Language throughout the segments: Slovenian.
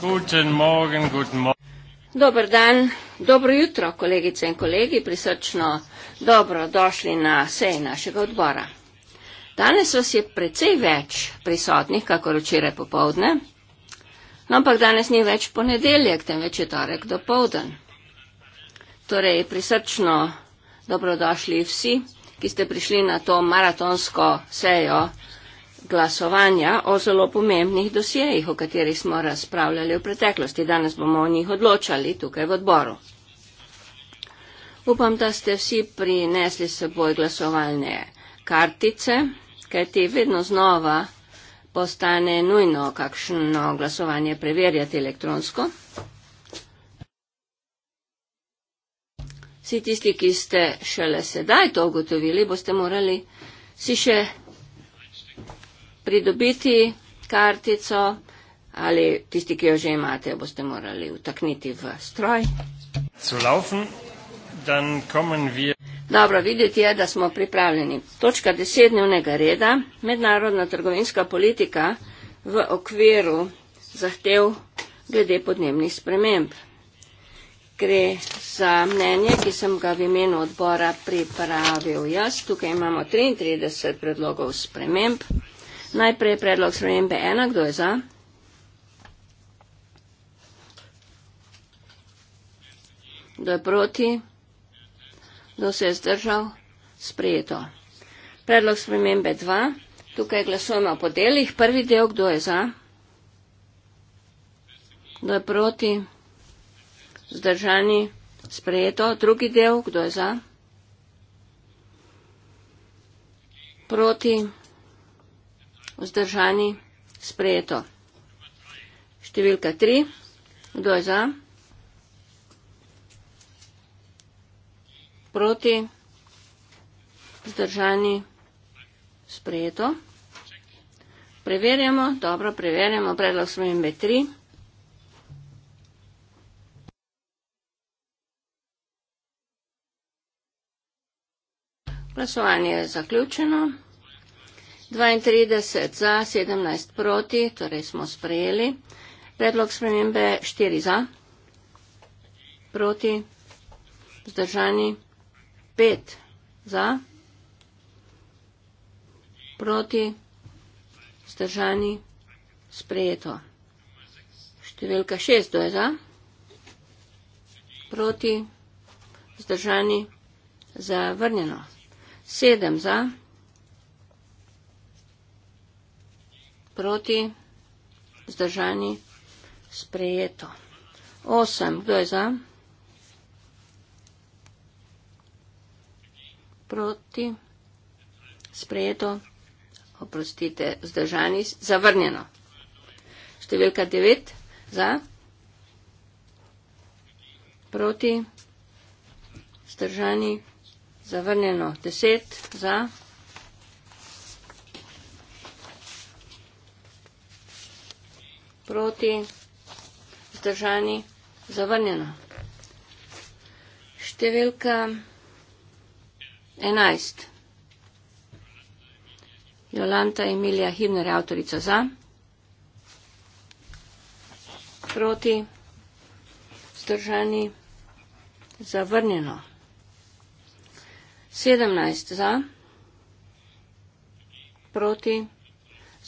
Guten Morgen, guten Morgen. Dober dan, dobro jutro, kolegice in kolegi, prisrčno dobro došli na sej našega odbora. Danes vas je precej več prisotnih, kako včeraj popovdne, no, ampak danes ni več ponedeljek, temveč je torek do povdan. Torej, prisrčno dobrodošli vsi, ki ste prišli na to maratonsko sejo glasovanja o zelo pomembnih dosjejih, o katerih smo razpravljali v preteklosti. Danes bomo o njih odločali tukaj v odboru. Upam, da ste vsi prinesli seboj glasovalne kartice, kajti vedno znova postane nujno kakšno glasovanje preverjati elektronsko. Vsi tisti, ki ste šele sedaj to ugotovili, boste morali si še pridobiti kartico ali tisti, ki jo že imate, boste morali vtakniti v stroj. Dobro, videti je, da smo pripravljeni. Točka desetdnevnega reda, mednarodna trgovinska politika v okviru zahtev glede podnebnih sprememb. Gre za mnenje, ki sem ga v imenu odbora pripravil jaz. Tukaj imamo 33 predlogov sprememb. Najprej je predlog spremembe ena, kdo je za? Kdo je proti? Kdo se je zdržal? Sprejeto. Predlog spremembe dva, tukaj glasujemo po delih. Prvi del, kdo je za? Kdo je proti? Zdržani? Sprejeto. Drugi del, kdo je za? Proti? vzdržani, sprejeto. Številka tri, kdo je za? Proti, vzdržani, sprejeto. Preverjamo, dobro, preverjamo, predlog smembe tri. Glasovanje je zaključeno. 32 za, 17 proti, torej smo sprejeli. Predlog spremembe 4 za, proti, vzdržani 5 za, proti, vzdržani sprejeto. Številka 6 do je za, proti, vzdržani zavrnjeno. 7 za, proti, zdržani, sprejeto. 8, kdo je za? Proti, sprejeto, oprostite, zdržani, zavrnjeno. Številka 9, za? Proti, zdržani, zavrnjeno. 10, za? proti, vzdržani, zavrnjeno. Številka 11. Jolanta Emilija Hibner, avtorica za. Proti, vzdržani, zavrnjeno. 17 za, proti,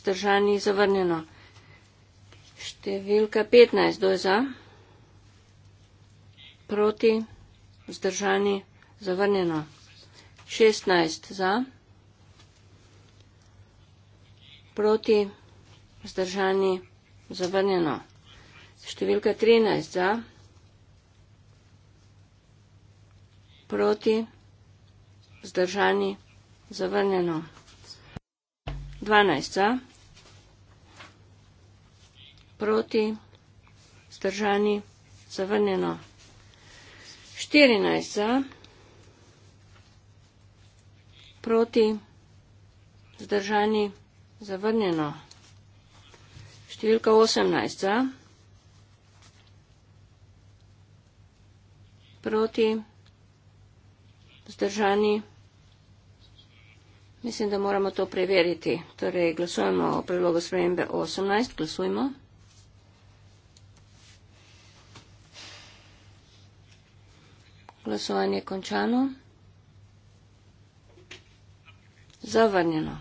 vzdržani, zavrnjeno. Številka 15, kdo je za? Proti, vzdržani, zavrnjeno. 16 za, proti, vzdržani, zavrnjeno. Številka 13 za, proti, vzdržani, zavrnjeno. 12 za proti, zdržani, zavrnjeno. 14 za, proti, zdržani, zavrnjeno. Številka 18 za, proti, zdržani. Mislim, da moramo to preveriti. Torej, glasujemo o predlogu spremembe 18, glasujmo. Glasovanje končano. Zavrnjeno.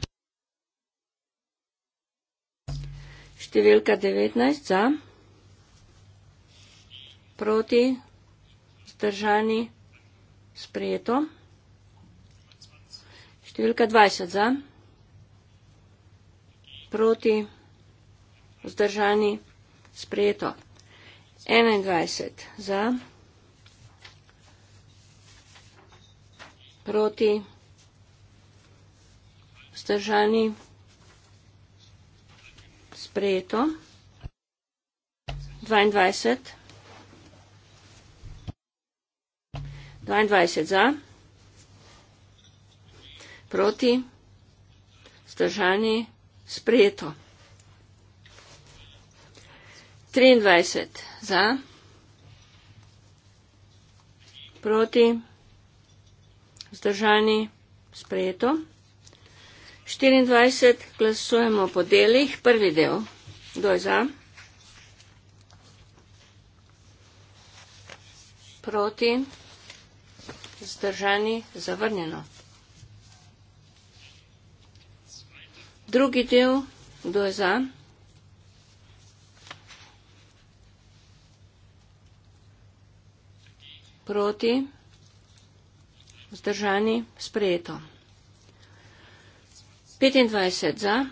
Številka 19 za. Proti. Zdržani. Sprejeto. Številka 20 za. Proti. Zdržani. Sprejeto. 21 za. proti, vzdržani, sprejeto, 22, 22 za, proti, vzdržani, sprejeto, 23 za, proti, vzdržani, sprejeto, vzdržani, sprejeto. 24 glasujemo po delih. Prvi del. Kdo je za? Proti. Zdržani. Zavrnjeno. Drugi del. Kdo je za? Proti. Proti. Vzdržani, sprejeto. 25 za.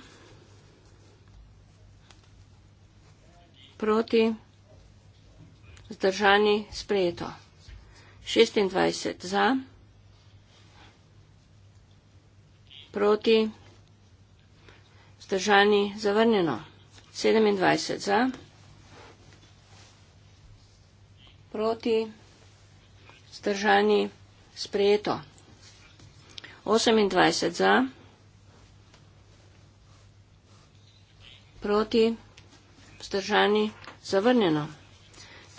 Proti. Vzdržani, sprejeto. 26 za. Proti. Vzdržani, zavrnjeno. 27 za. Proti. Vzdržani, zavrnjeno sprejeto. 28 za, proti, vzdržani, zavrnjeno.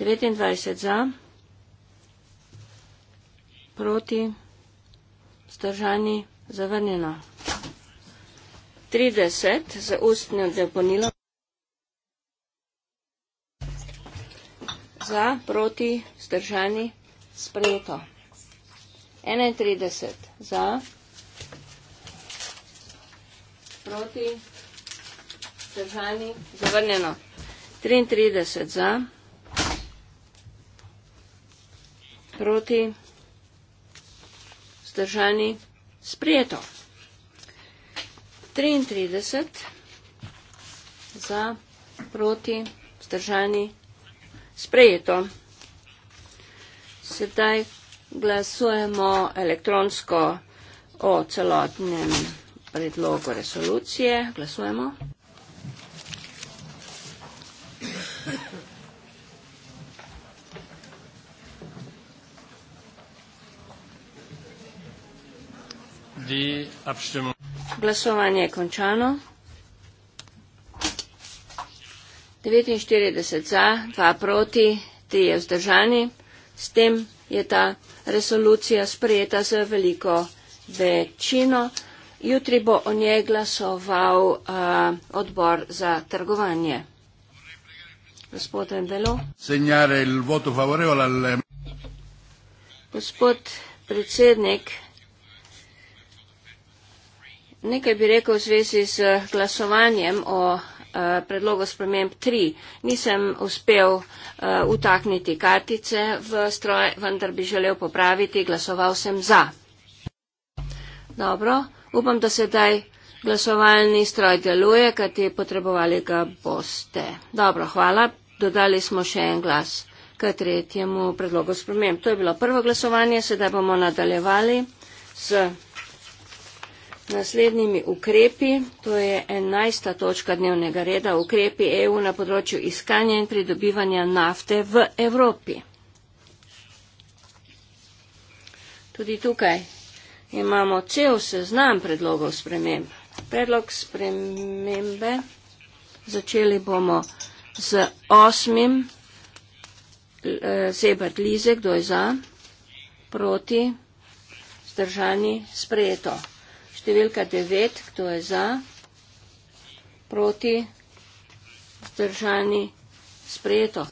29 za, proti, vzdržani, zavrnjeno. 30 za ustno deponilo. Za, proti, vzdržani, sprejeto. 31 za, proti, držani, zavrnjeno. 33 za, proti, zdržani, sprijeto. 33 za, proti, zdržani, sprijeto. Sedaj glasujemo elektronsko o celotnem predlogu resolucije. Glasujemo. Glasovanje je končano. 49 za, 2 proti, 3 je vzdržani. S tem je ta resolucija sprejeta z veliko večino. Jutri bo o njej glasoval uh, odbor za trgovanje. Gospod Embelo. Gospod predsednik, nekaj bi rekel v zvezi z glasovanjem o Eh, predlogu sprememb 3 nisem uspel eh, utakniti uh, kartice v stroj, vendar bi želel popraviti, glasoval sem za. Dobro, upam, da sedaj glasovalni stroj deluje, kajti potrebovali ga boste. Dobro, hvala. Dodali smo še en glas k tretjemu predlogu sprememb. To je bilo prvo glasovanje, sedaj bomo nadaljevali s naslednjimi ukrepi. To je enajsta točka dnevnega reda. Ukrepi EU na področju iskanja in pridobivanja nafte v Evropi. Tudi tukaj imamo cel seznam predlogov sprememb. Predlog spremembe začeli bomo z osmim. Eh, Zebrd Lize, kdo je za? Proti? Zdržani? Sprejeto številka 9, kdo je za, proti, zdržani, sprejeto.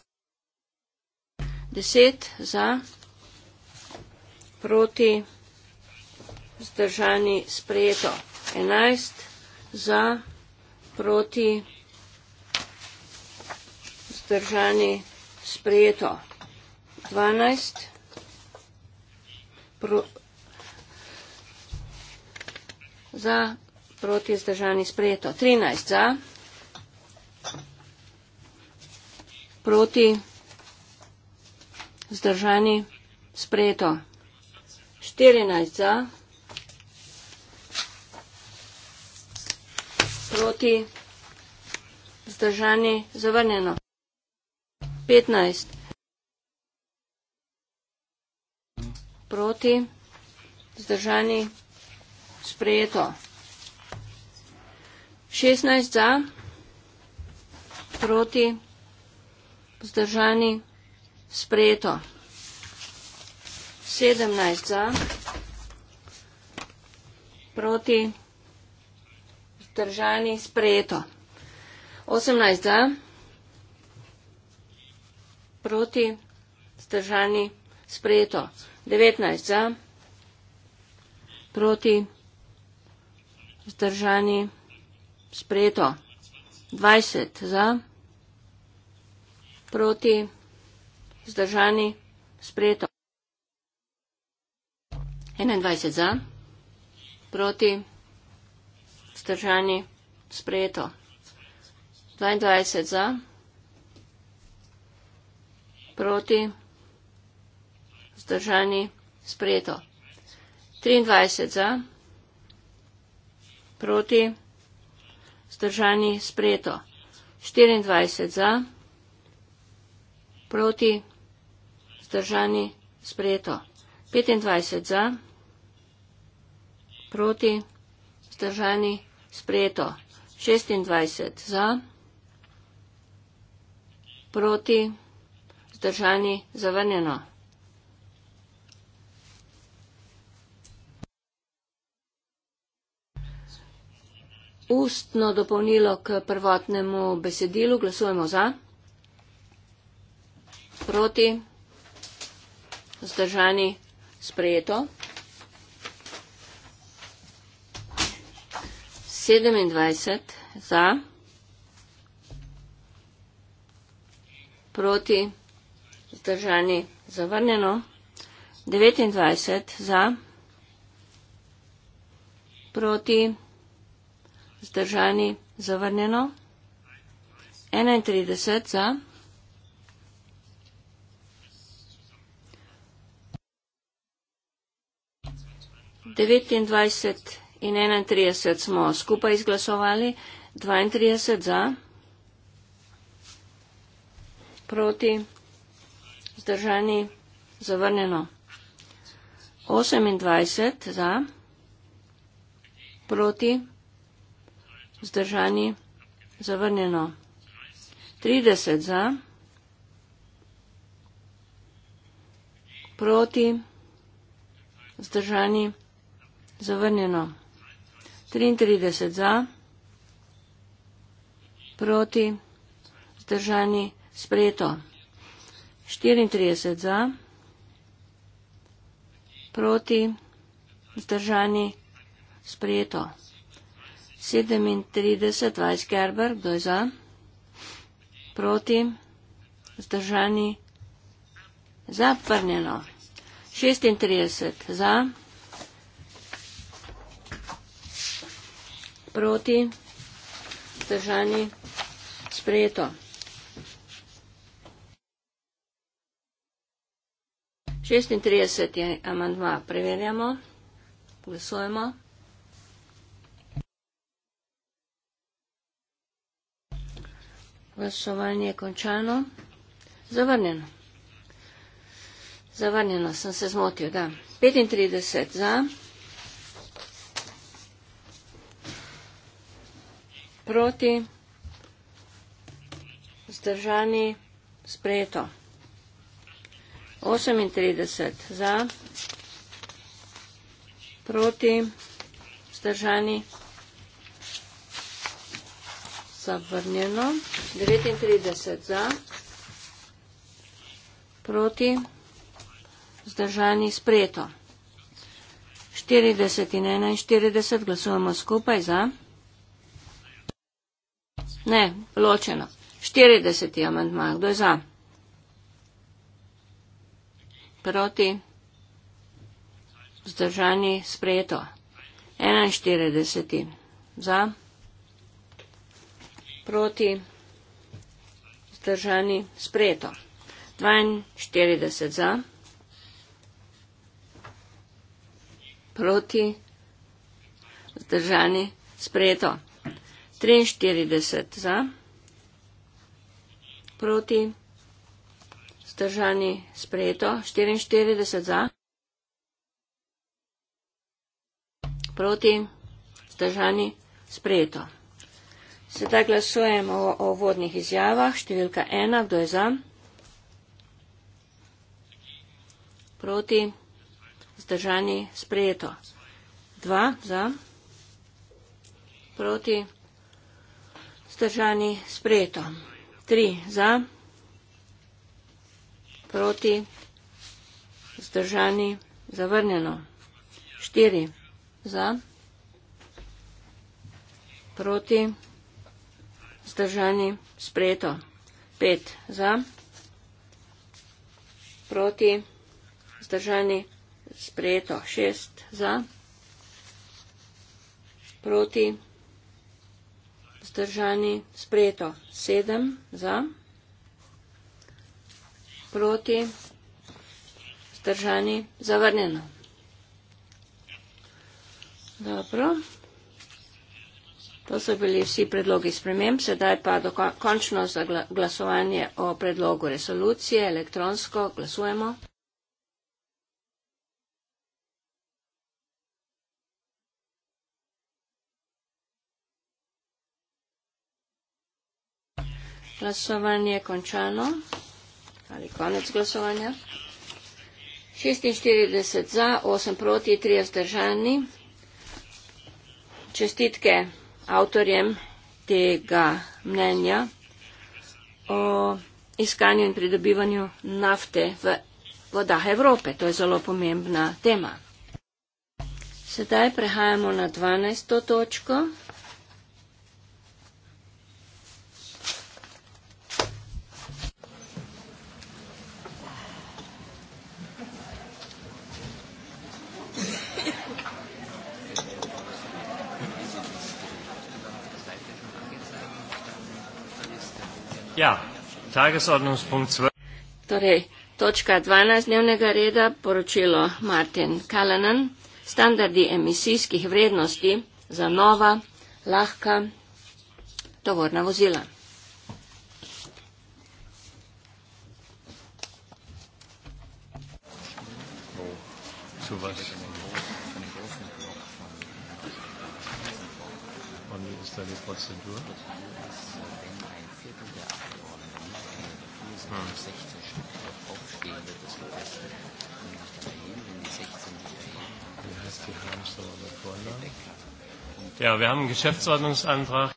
10 za, proti, zdržani, sprejeto. 11 za, proti, zdržani, sprejeto. 12 proti, za, proti je zdržani sprejeto. 13 za, proti zdržani sprejeto. 14 za, proti zdržani zavrnjeno. 15 proti zdržani sprejeto. Sprejeto. 16 za, proti, vzdržani, sprejeto. 17 za, proti, vzdržani, sprejeto. 18 za, proti, vzdržani, sprejeto. 19 za, proti, vzdržani, sprejeto. Zdržani. Sprejeto. 20 za. Proti. Zdržani. Sprejeto. 21 za. Proti. Zdržani. Sprejeto. 22 za. Proti. Zdržani. Sprejeto. 23 za. Proti proti, zdržani sprejeto. 24 za, proti, zdržani sprejeto. 25 za, proti, zdržani sprejeto. 26 za, proti, zdržani zavrnjeno. ustno dopolnilo k prvotnemu besedilu. Glasujemo za. Proti. Zdržani. Sprejeto. 27 za. Proti. Zdržani. Zavrnjeno. 29 za. Proti. Zdržani zavrnjeno. 31 za. Devetindvajset in enaintrideset smo skupaj izglasovali, dvaintrideset za, proti, zdržani, zavrnjeno, osemindvajset za, proti. Zdržani. Zavrnjeno. 30 za. Proti. Zdržani. Zavrnjeno. 33 za. Proti. Zdržani. Spreto. 34 za. Proti. Zdržani. Sprejeto. 37, Vajs Gerber, kdo je za? Proti? Zdržani? Zaprnjeno. 36, za? Proti? Zdržani? Sprejeto. 36 je amandma. Preverjamo. Glasujemo. Glasovanje je končano. Zavrnjeno. Zavrnjeno, sem se zmotil, da. 35 za. Proti. Zdržani. Sprejeto. 38 za. Proti. Zdržani zavrnjeno. 39 za. Proti. Zdržani sprejeto. 40 in 41 glasujemo skupaj za. Ne, ločeno. 40 je amantma. Kdo je za? Proti. Zdržani sprejeto. 41 za proti zdržani sprejeto. 42 za, proti zdržani sprejeto. 43 za, proti zdržani sprejeto. 44 za, proti zdržani sprejeto. Sedaj glasujemo o vodnih izjavah. Številka ena, kdo je za? Proti, zdržani, sprejeto. Dva, za? Proti, zdržani, sprejeto. Tri, za? Proti, zdržani, zavrnjeno. Štiri, za? Proti, zdržani, zavrnjeno. Zdržani, sprejeto. Pet za, proti, zdržani, sprejeto. Šest za, proti, zdržani, sprejeto. Sedem za, proti, zdržani, zavrnjeno. Dobro. To so bili vsi predlogi sprememb, sedaj pa dokončno za glasovanje o predlogu resolucije elektronsko glasujemo. Glasovanje je končano ali konec glasovanja. 46 za, 8 proti, 3 zdržani. Čestitke avtorjem tega mnenja o iskanju in pridobivanju nafte v vodah Evrope. To je zelo pomembna tema. Sedaj prehajamo na 12. točko. tagesordnungspunkt 12. Torej, točka 12 dnevnega reda, poročilo Martin Kalanen, standardi emisijskih vrednosti za nova, lahka tovorna vozila. Zu was? Und wie ist da die Prozedur? 16 Stück aufstehende, das heißt, wenn ich da hin, wenn die 16 nicht erheben, dann heißt die Harmstauer da vorne. Ja, wir haben einen Geschäftsordnungsantrag.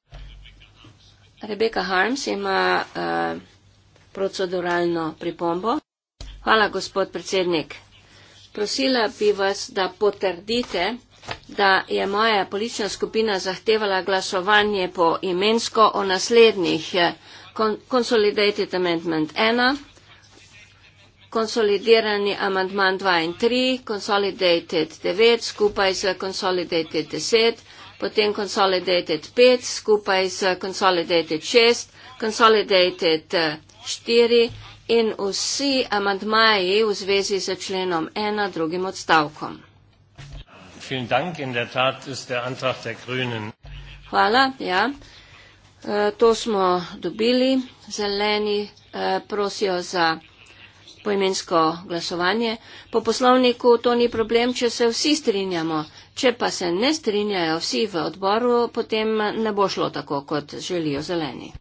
Rebeka Harms ima uh, proceduralno pripombo. Hvala, gospod predsednik. Prosila bi vas, da potrdite, da je moja politična skupina zahtevala glasovanje po imensko o naslednjih Consolidated Amendment 1, konsolidirani amandma 2 in 3, Consolidated 9 skupaj s Consolidated 10, potem Consolidated 5 skupaj s Consolidated 6, Consolidated 4 eh, in vsi amandmaji v zvezi s členom 1, drugim odstavkom. Hvala. Ja, Eh, to smo dobili. Zeleni eh, prosijo za poimensko glasovanje. Po poslovniku to ni problem, če se vsi strinjamo. Če pa se ne strinjajo vsi v odboru, potem ne bo šlo tako, kot želijo zeleni.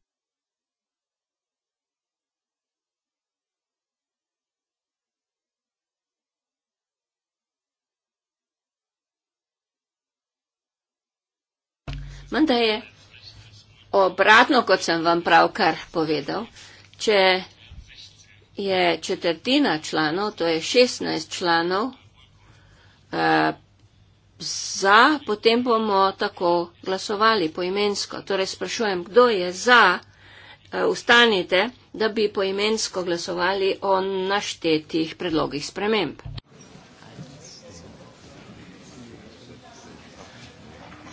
Monday obratno, kot sem vam pravkar povedal, če je četrtina članov, to je 16 članov, eh, za, potem bomo tako glasovali poimensko. Torej sprašujem, kdo je za, ustanite, eh, da bi poimensko glasovali o naštetih predlogih sprememb.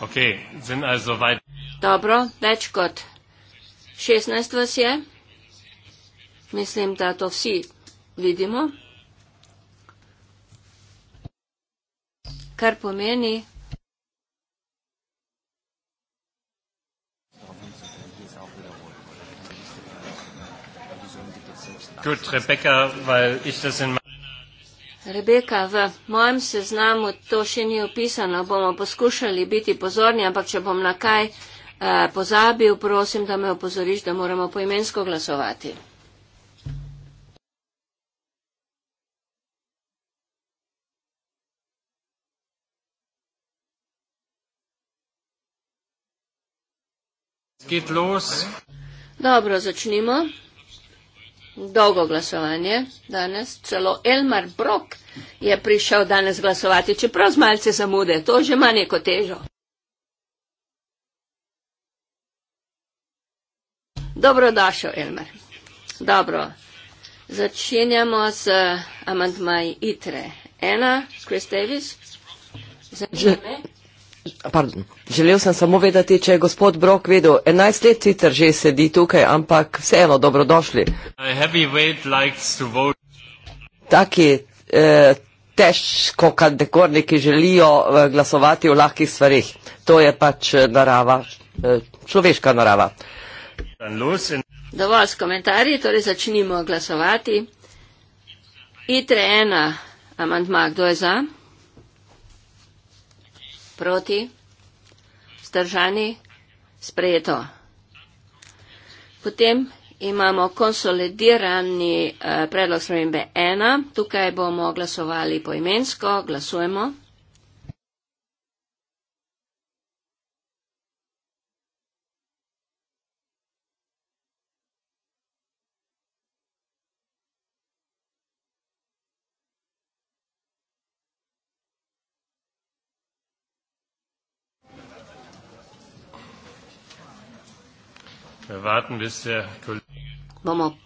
Okay, sind also weit. Dobro, več kot 16 vas je. Mislim, da to vsi vidimo. Kar pomeni. Gut, Rebecca, weil ich das in meinem. Rebeka, v mojem seznamu to še ni opisano, bomo poskušali biti pozorni, ampak če bom na kaj eh, pozabil, prosim, da me opozoriš, da moramo poimensko glasovati. Dobro, začnimo dolgo glasovanje danes, celo Elmar Brok je prišel danes glasovati, čeprav z malce zamude, to že ima neko težo. Dobrodošel, Elmar. Dobro. Začenjamo z eh, amantmaj ITRE. Ena, Chris Davis. Zanima me. Pardon. Želel sem samo vedeti, če je gospod Brok vedel, 11 let sicer že sedi tukaj, ampak vseeno dobrodošli. Taki eh, težko kandekorniki želijo eh, glasovati v lahkih stvarih. To je pač eh, narava, eh, človeška narava. Dovolj s komentarji, torej začnimo glasovati. ITRE ena, amantma, kdo je za? Proti? Zdržani? Sprejeto. Potem imamo konsolidirani eh, predlog spremembe 1. Tukaj bomo glasovali poimensko. Glasujemo. Äh, Bomo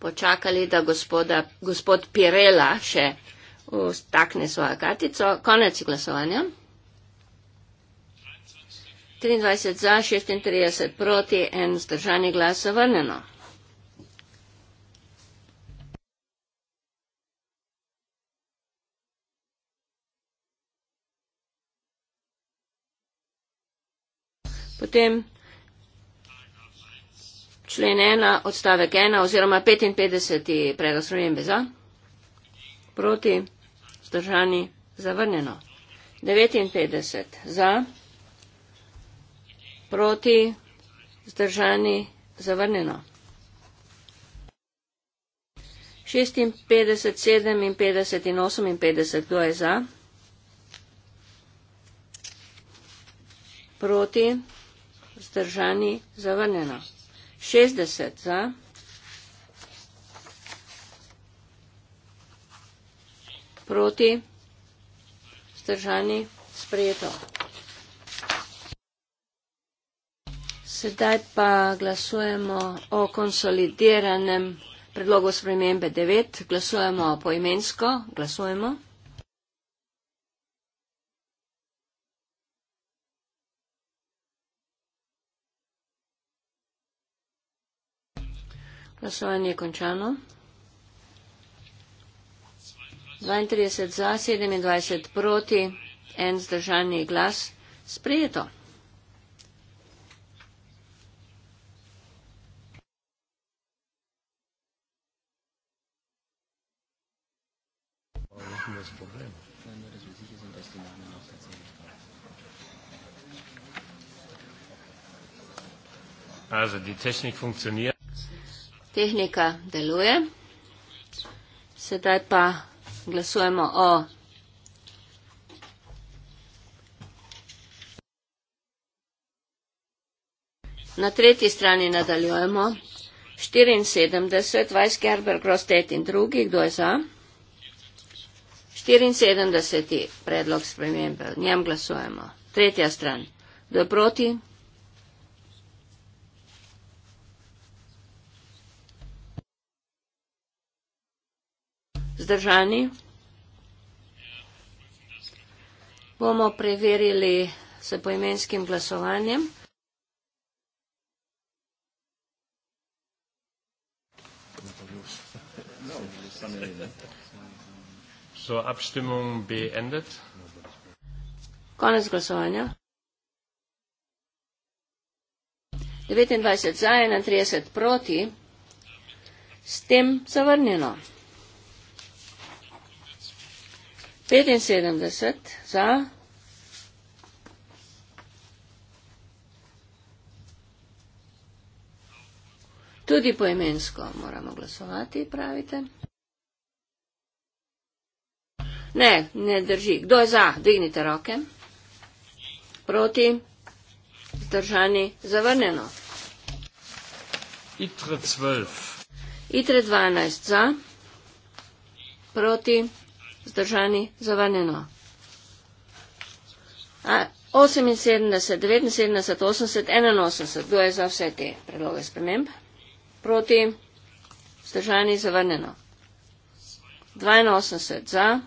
počakali, da gospoda, gospod Pirela še ustakne svojo kartico. Konec glasovanja. 23 za, 36 proti, en zdržani glas zavrneno. Potem člen ena odstavek ena oziroma 55 predlog spremembe za, proti, zdržani, zavrnjeno. 59 za, proti, zdržani, zavrnjeno. 56, 57 in 58, kdo je za? Proti, zdržani, zavrnjeno. 60 za. Proti. Zdržani. Sprejeto. Sedaj pa glasujemo o konsolideranem predlogu spremembe 9. Glasujemo poimensko. Glasujemo. Glasovanje je končano. 32 za, 27 proti, en zdržani glas. Sprijeto. Also die Technik funktioniert tehnika deluje. Sedaj pa glasujemo o. Na tretji strani nadaljujemo. 74, Weisgerber, Grostet in drugi, kdo je za? 74. predlog spremembe, v njem glasujemo. Tretja stran, kdo je proti? zdržani. Bomo preverili se poimenskim glasovanjem. So abstimmung beendet. Konec glasovanja. 29 za, 31 proti. S tem zavrnjeno. 75 za. Tudi poemensko moramo glasovati, pravite. Ne, ne drži. Kdo je za? Dignite roke. Proti. Zdržani. Zavrneno. Itre 12. Itre 12 za. Proti zdržani, zavrnjeno. 78, 79, 80, 81, kdo je za vse te predloge sprememb? Proti, zdržani, zavrnjeno. 82 za,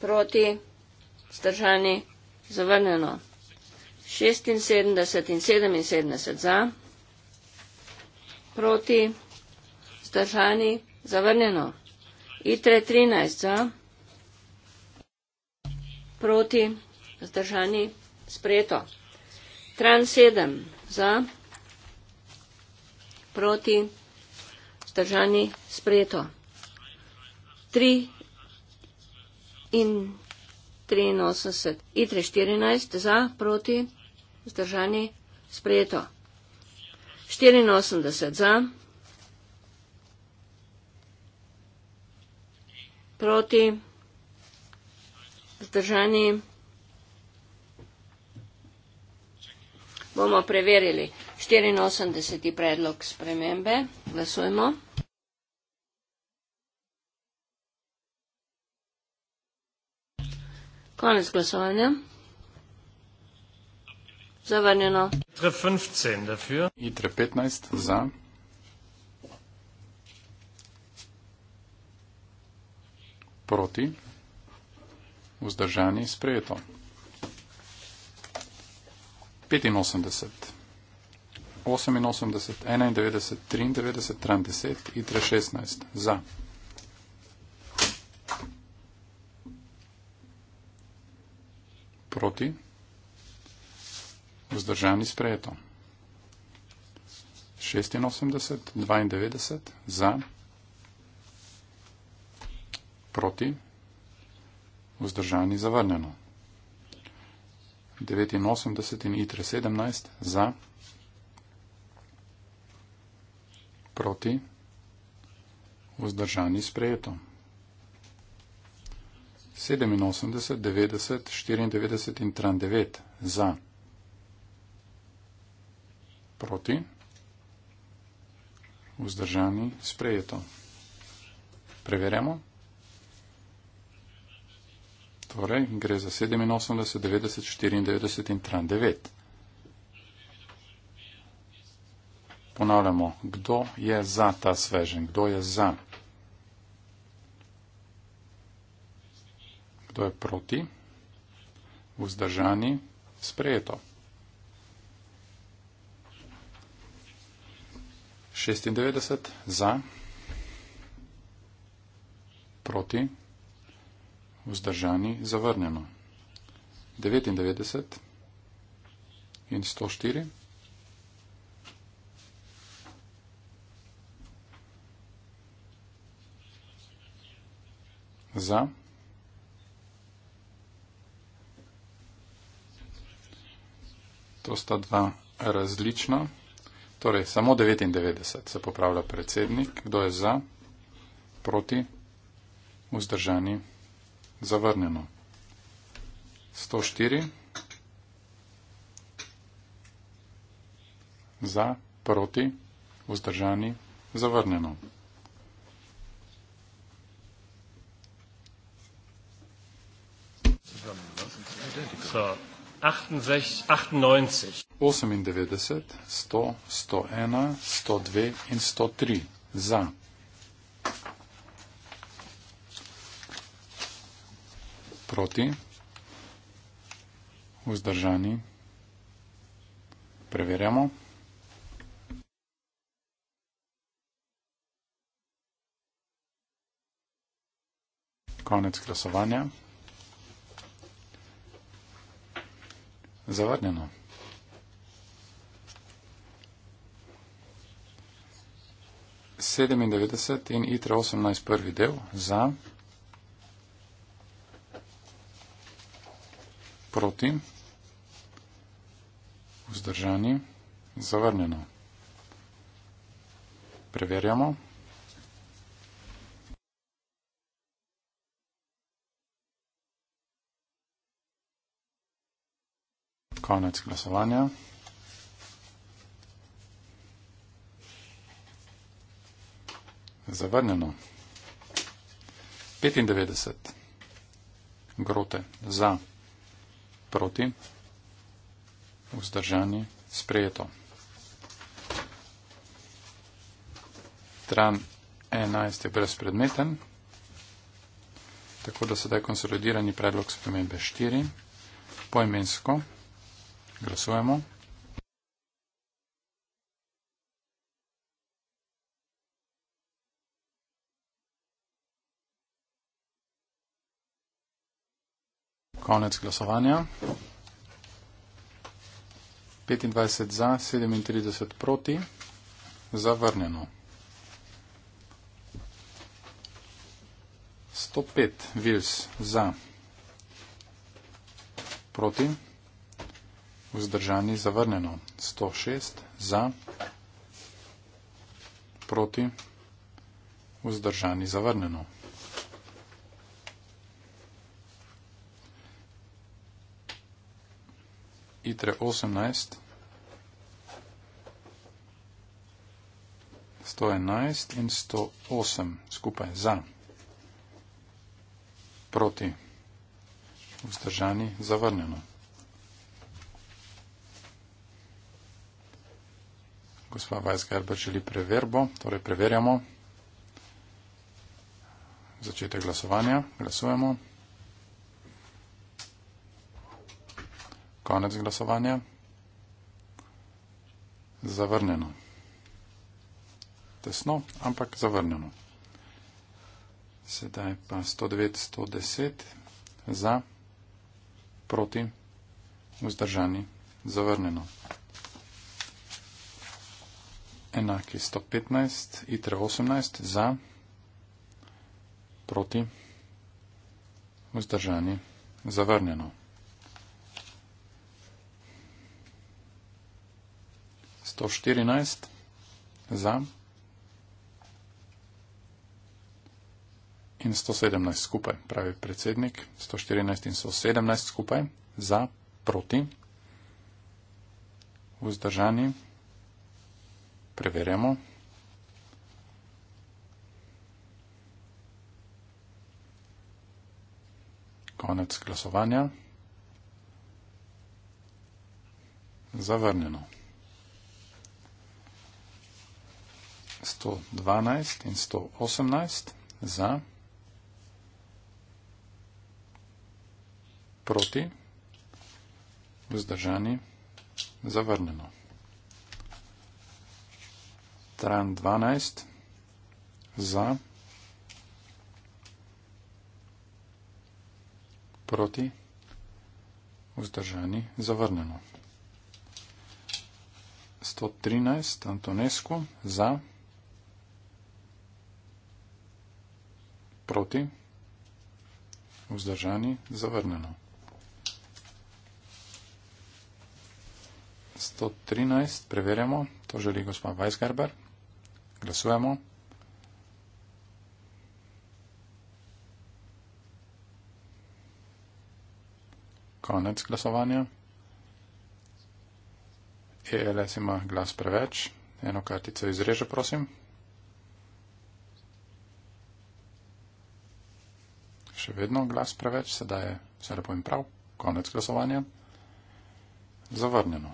proti, zdržani, zavrnjeno. 76 in 77 za, proti, zdržani, zavrnjeno. ITRE 13 za, proti, zdržani, spreto. TRAN 7 za, proti, zdržani, spreto. 3 in 83. ITRE 14 za, proti, zdržani, spreto. 84 za, proti, zdržani, spreto. Proti. Zdržani. Bomo preverili. 84. predlog spremembe. Glasujemo. Konec glasovanja. Zavrnjeno. Itre 15 za. Proti. Vzdržani. Sprejeto. 85. 88, 91, 93, 30 in 316. Za. Proti. Vzdržani. Sprejeto. 86, 92. Za proti, vzdržani zavrnjeno. 89 in ITRE 17 za, proti, vzdržani sprejeto. 87, 90, 94 in 39 za, proti, vzdržani sprejeto. Preverjamo. Torej, gre za 87, 90, 94 in 93. Ponavljamo, kdo je za ta svežen, kdo je za. Kdo je proti? Vzdržani, sprejeto. 96 za, proti, vzdržani, zavrnjeno. 99 in 104. Za. 102 različno, torej samo 99 se popravlja predsednik, kdo je za, proti, vzdržani zavrnjeno. 104 za, proti, vzdržani, zavrnjeno. So, 98, 98, 100, 101, 102 in 103 za. proti, vzdržani, preverjamo. Konec glasovanja. Zavrnjeno. Sedemindevetdeset in ITRA osemnajst prvi del za proti, vzdržani, zavrnjeno. Preverjamo. Konec glasovanja. Zavrnjeno. 95. Grote. Za proti, vzdržanje, sprejeto. Tran 11 je brezpredmeten, tako da sedaj konsolidirani predlog spremembe 4. Poimensko glasujemo. konec glasovanja. 25 za, 37 proti, zavrnjeno. 105 vils za, proti, vzdržani, zavrnjeno. 106 za, proti, vzdržani, zavrnjeno. ITRE 18, 111 in 108 skupaj za, proti, vzdržani, zavrnjeno. Gospa Weisgerber želi preverbo, torej preverjamo začetek glasovanja. Glasujemo. Konec glasovanja. Zavrnjeno. Tesno, ampak zavrnjeno. Sedaj pa 109, 110 za, proti, vzdržani, zavrnjeno. Enaki 115, ITRE 18 za, proti, vzdržani, zavrnjeno. 114 za in 117 skupaj, pravi predsednik. 114 in 117 skupaj za, proti, vzdržani. Preverjamo. Konec glasovanja. Zavrnjeno. 112 in 118 za, proti, vzdržani, zavrnjeno. Tran 12 za, proti, vzdržani, zavrnjeno. 113 Antonescu za, proti, vzdržani, zavrnjeno. Proti? Vzdržani? Zavrneno. 113. Preverjamo. To želi gospod Weisgerber. Glasujemo. Konec glasovanja. ELS ima glas preveč. Eno kartico izreže, prosim. še vedno glas preveč, sedaj je, se lepo in prav, konec glasovanja. Zavrnjeno.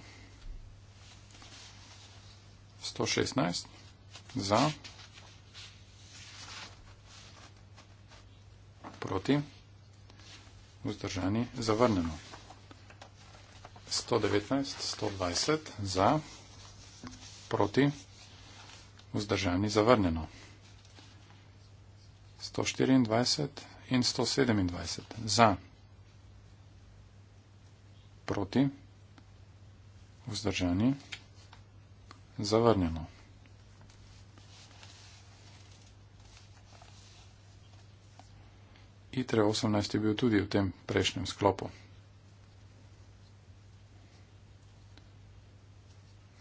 116 za. Proti. Vzdržani. Zavrnjeno. 119, 120 za. Proti. Vzdržani. Zavrnjeno. 124 in 127 za, proti, vzdržani, zavrnjeno. ITRE 18 je bil tudi v tem prejšnjem sklopu.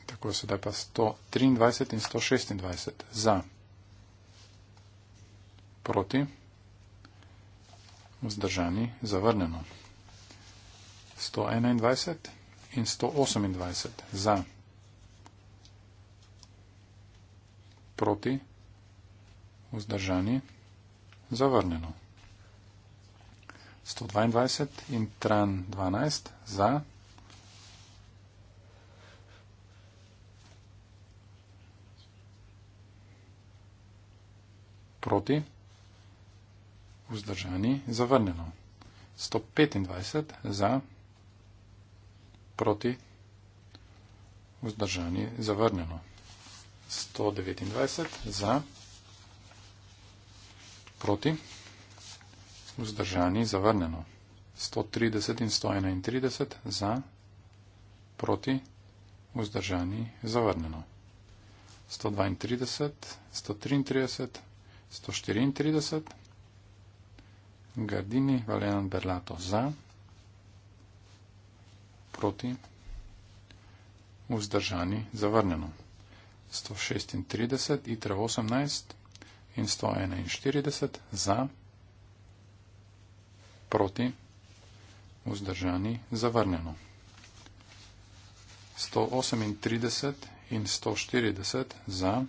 Tako sedaj pa 123 in 126 za, proti, vzdržani, zavrnjeno vzdržani, zavrnjeno. 121 in 128 za, proti, vzdržani, zavrnjeno. 122 in tran 12 za, proti, vzdržani vzdržani, zavrnjeno. 125 za, proti, vzdržani, zavrnjeno. 129 za, proti, vzdržani, zavrnjeno. 130 in 131 za, proti, vzdržani, zavrnjeno. 132, 133, 134. Gardini, Valerian Berlato za, proti, vzdržani, zavrnjeno. 136, ITRA 18 in 141 za, proti, vzdržani, zavrnjeno. 138 in 140 za,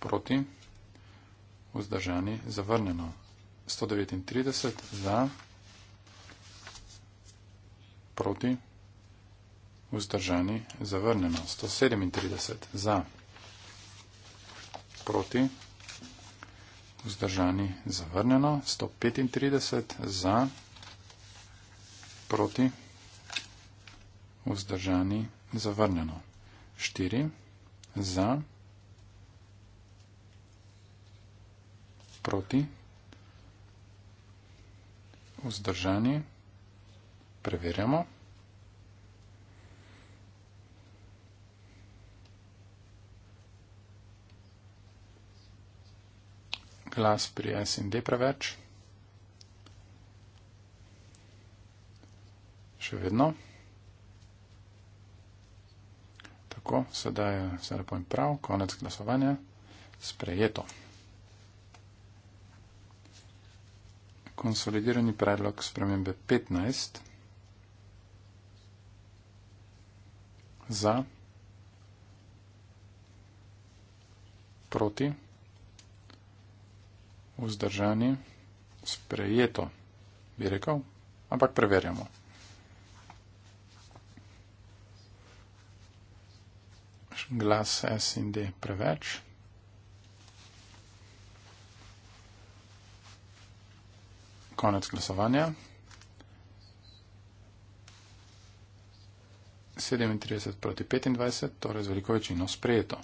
proti, vzdržani, zavrnjeno vzdržani, zavrnjeno. 139 za, proti, vzdržani, zavrnjeno. 137 za, proti, vzdržani, zavrnjeno. 135 za, proti, vzdržani, zavrnjeno. 4 za, proti, vzdržani, zavrnjeno. proti, vzdržani, preverjamo. Glas pri S in D preveč. Še vedno. Tako, sedaj se lepo in prav, konec glasovanja, sprejeto. konsolidirani predlog spremembe 15 za proti vzdržanje sprejeto, bi rekel, ampak preverjamo. Glas S in D preveč. konec glasovanja. 37 proti 25, torej z veliko večino sprejeto.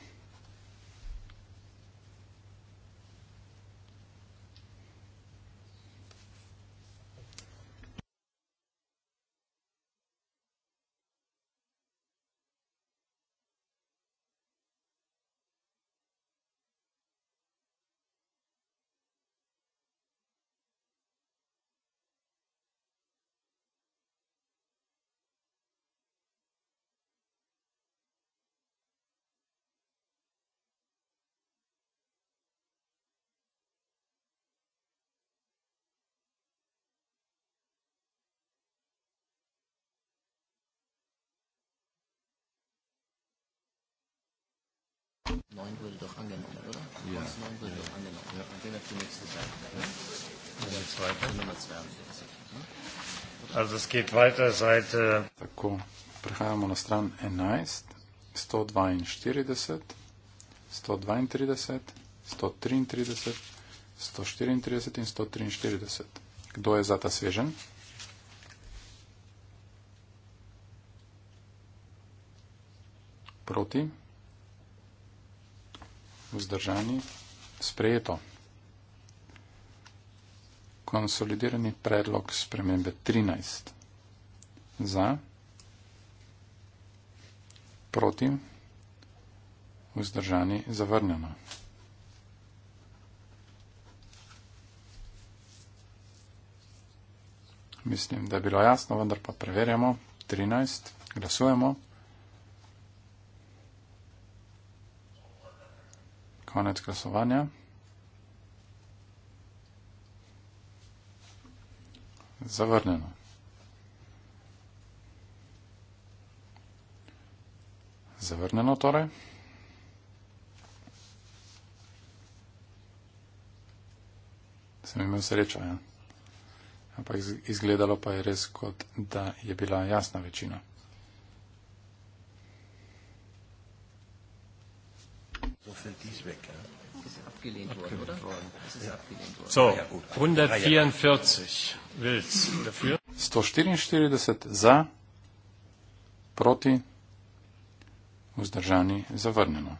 9 wurde doch angenommen, oder? Ja. Kurs 9 wurde ja. doch angenommen. Ja. Dann gehen wir auf die nächste Seite. Ja. Also die zweite. Nummer 42. Also es geht weiter, Seite... Tako, prehajamo na stran 11, 142, 132, 133, 134 in 143. Kdo je za ta svežen? Proti? Proti? vzdržani, sprejeto. Konsolidirani predlog spremembe 13. Za, proti, vzdržani, zavrnjeno. Mislim, da je bilo jasno, vendar pa preverjamo. 13. Glasujemo. konec glasovanja. Zavrnjeno. Zavrnjeno torej. Sem imel srečo, ja. Ampak izgledalo pa je res, kot da je bila jasna večina. So fällt weg. Ja. Das ist abgelehnt worden, oder? Worden. Das ist ja. abgelehnt worden. So, ja, 144. Ja, Willst dafür? 144 za, proti, vzdržani, zavrnjeno.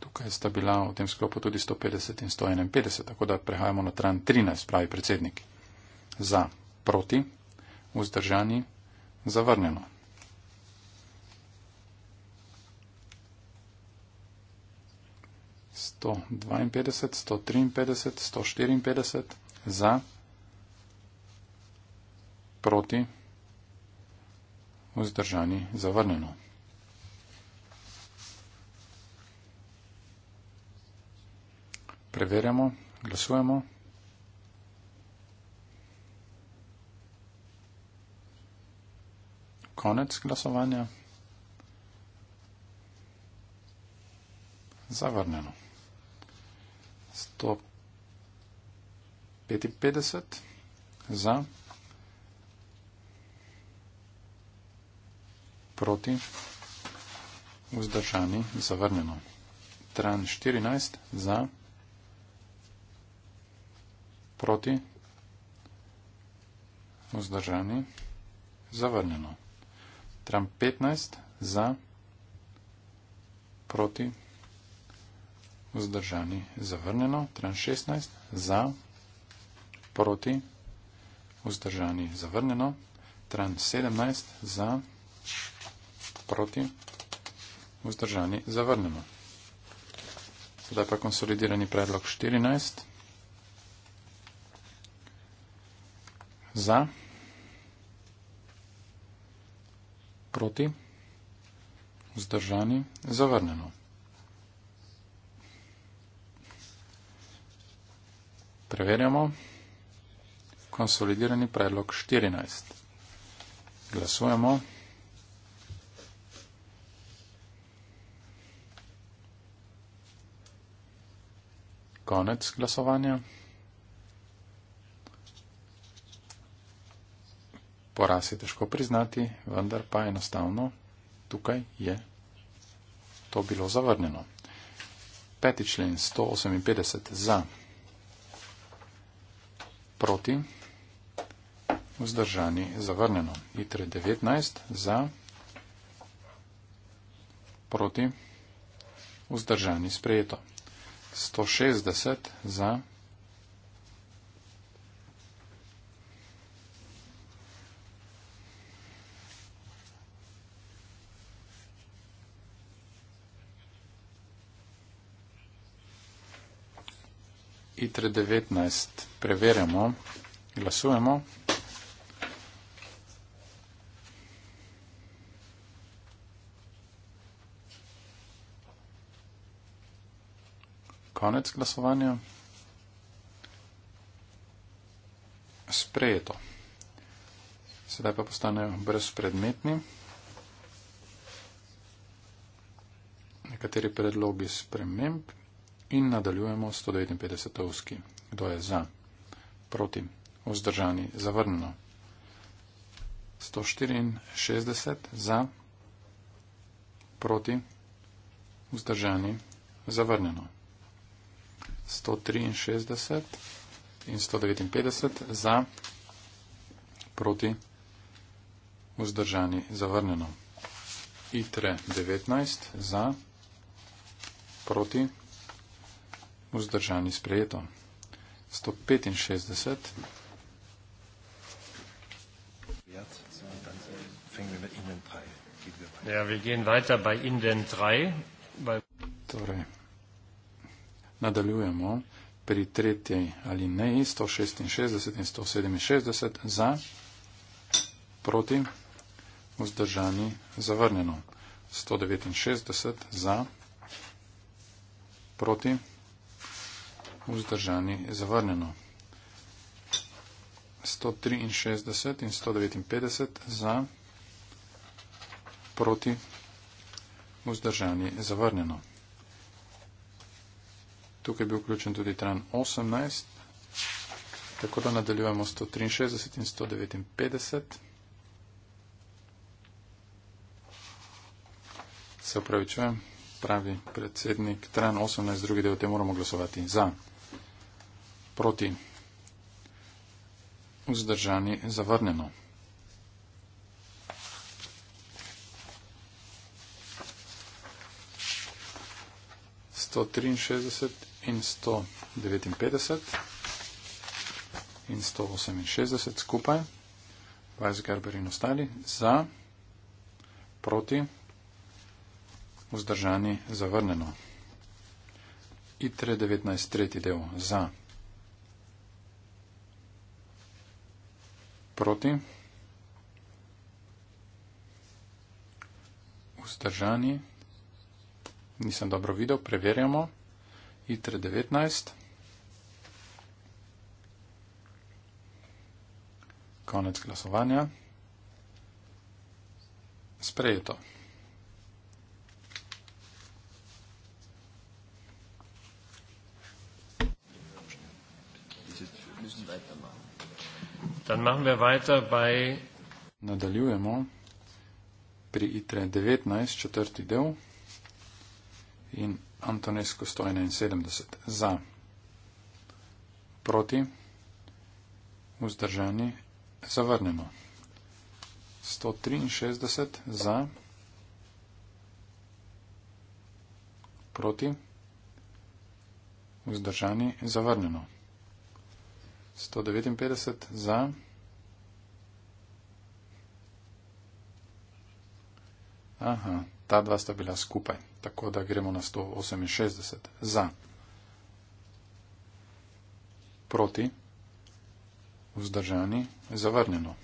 Tukaj sta bila v tem sklopu tudi 150 in 151, tako da prehajamo na tran 13, pravi predsednik. Za, proti, vzdržani, zavrnjeno. 152, 153, 154 za, proti, vzdržani, zavrnjeno. Preverjamo, glasujemo. Konec glasovanja. Zavrnjeno. 155 za, proti, vzdržani, zavrnjeno. Tran 14 za, proti, vzdržani, zavrnjeno. Tran 15 za, proti, vzdržani vzdržani, zavrnjeno, 16, za, proti, vzdržani, zavrnjeno, 17, za, proti, vzdržani, zavrnjeno. Sedaj pa konsolidirani predlog 14, za, proti, vzdržani, zavrnjeno. Preverjamo. Konsolidirani predlog 14. Glasujemo. Konec glasovanja. Poraz je težko priznati, vendar pa enostavno tukaj je to bilo zavrnjeno. Peti člen 158 za proti, vzdržani, zavrnjeno. ITRE 19 za, proti, vzdržani, sprejeto. 160 za, proti, vzdržani, sprejeto. litre 19. Preverjamo. Glasujemo. Konec glasovanja. Sprejeto. Sedaj pa postanejo brezpredmetni. Nekateri predlogi sprememb. In nadaljujemo 159. ovski. Kdo je za? Proti. Vzdržani. Zavrnjeno. 164. Za. Proti. Vzdržani. Zavrnjeno. 163 in 159. Za. Proti. Vzdržani. Zavrnjeno. ITRE 19. Za. Proti vzdržani sprejeto. 165. Ja, torej, nadaljujemo pri tretji ali ne, 166 in 167 za, proti, vzdržani, zavrnjeno. 169 za, proti vzdržani zavrnjeno. 163 in 159 za proti vzdržani zavrnjeno. Tukaj bi vključen tudi tran 18, tako da nadaljujemo 163 in 159. Se upravičujem, pravi predsednik, tran 18, drugi del, te moramo glasovati za proti. Vzdržani zavrnjeno. Sto triinšestdeset in sto devetinpetdeset in sto oseminšestdeset skupaj, Weisgerber in ostali, za, proti, vzdržani, zavrnjeno. ITRE devetnajst tretji del, za. proti, vzdržani, nisem dobro videl, preverjamo, ITR 19, konec glasovanja, sprejeto. Dann machen wir weiter bei Nadaljujemo pri ITRE 19, četrti del in Antonesko 171 za, proti, vzdržani, zavrnemo. 163 za, proti, vzdržani, zavrnemo. 159 za, 159 za. Aha, ta dva sta bila skupaj, tako da gremo na 168 za. Proti, vzdržani, zavrnjeno.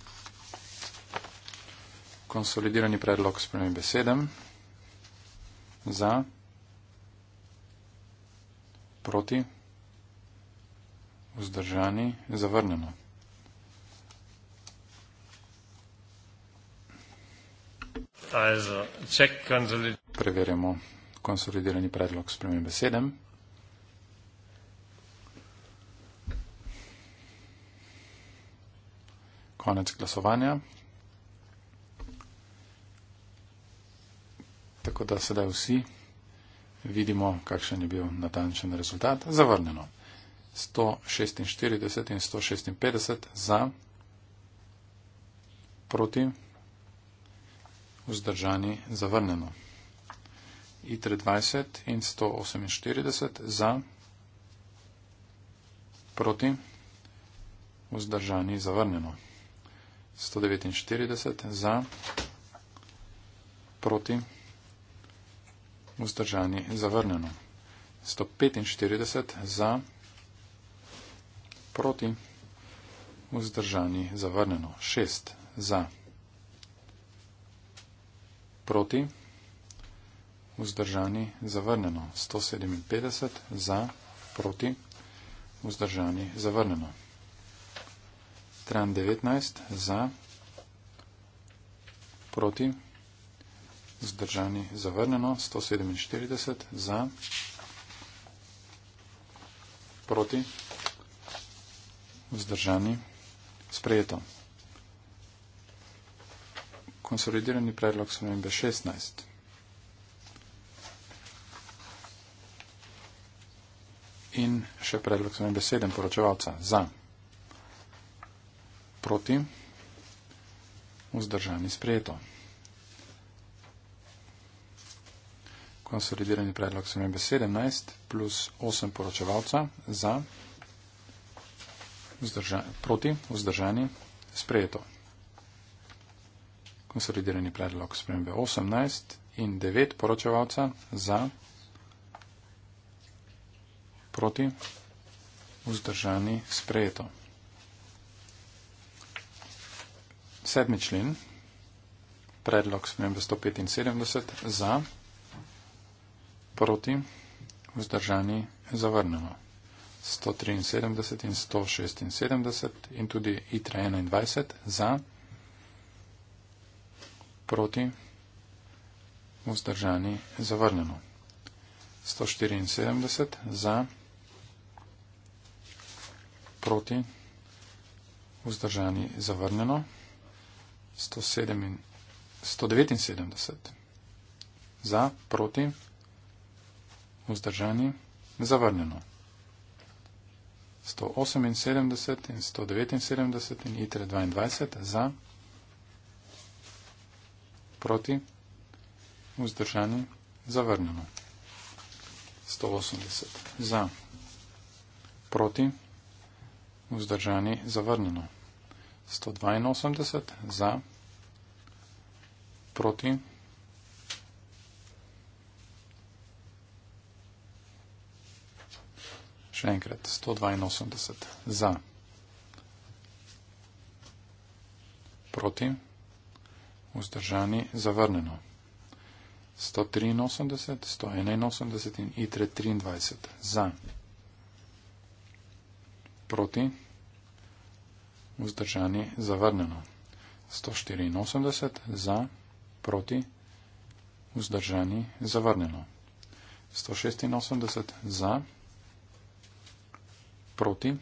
Konsolidirani predlog spremembe 7 za, proti, vzdržani, zavrnjeno. Preverjamo konsolidirani predlog spremembe 7. Konec glasovanja. Tako da sedaj vsi vidimo, kakšen je bil natančen rezultat. Zavrnjeno. 146 in 156 za, proti, vzdržani, zavrnjeno. ITRE 20 in 148 za, proti, vzdržani, zavrnjeno. 149 za, proti, vzdržani, zavrnjeno. 145 za, proti, vzdržani, zavrnjeno proti, vzdržani zavrnjeno, šest za, proti, vzdržani zavrnjeno, 157 za, proti, vzdržani zavrnjeno. Tran 19 za, proti, vzdržani zavrnjeno, 147 za, proti, vzdržani, sprejeto. Konsolidirani predlog spremembe 16. In še predlog spremembe 7 poročevalca za. Proti. Vzdržani, sprejeto. Konsolidirani predlog spremembe 17 plus 8 poročevalca za. Vzdržani, proti, vzdržani, sprejeto. Konsolidirani predlog spremembe 18 in 9 poročevalca za, proti, vzdržani, sprejeto. Sedmi člen, predlog spremembe 175 za, proti, vzdržani, zavrnemo. 173 in 176 in tudi ITRA 21 za, proti, vzdržani, zavrnjeno. 174 za, proti, vzdržani, zavrnjeno. 107 in 179 za, proti, vzdržani, zavrnjeno. 178 in 179 in ITRE 22 za, proti, vzdržani, zavrnjeno. 180 za, proti, vzdržani, zavrnjeno. 182 za, proti, vzdržani, zavrnjeno. Še enkrat, 182 za, proti, vzdržani, zavrnjeno. 183, 181 in ITRE 23 za, proti, vzdržani, zavrnjeno. 184 za, proti, vzdržani, zavrnjeno. 186 za, proti proti,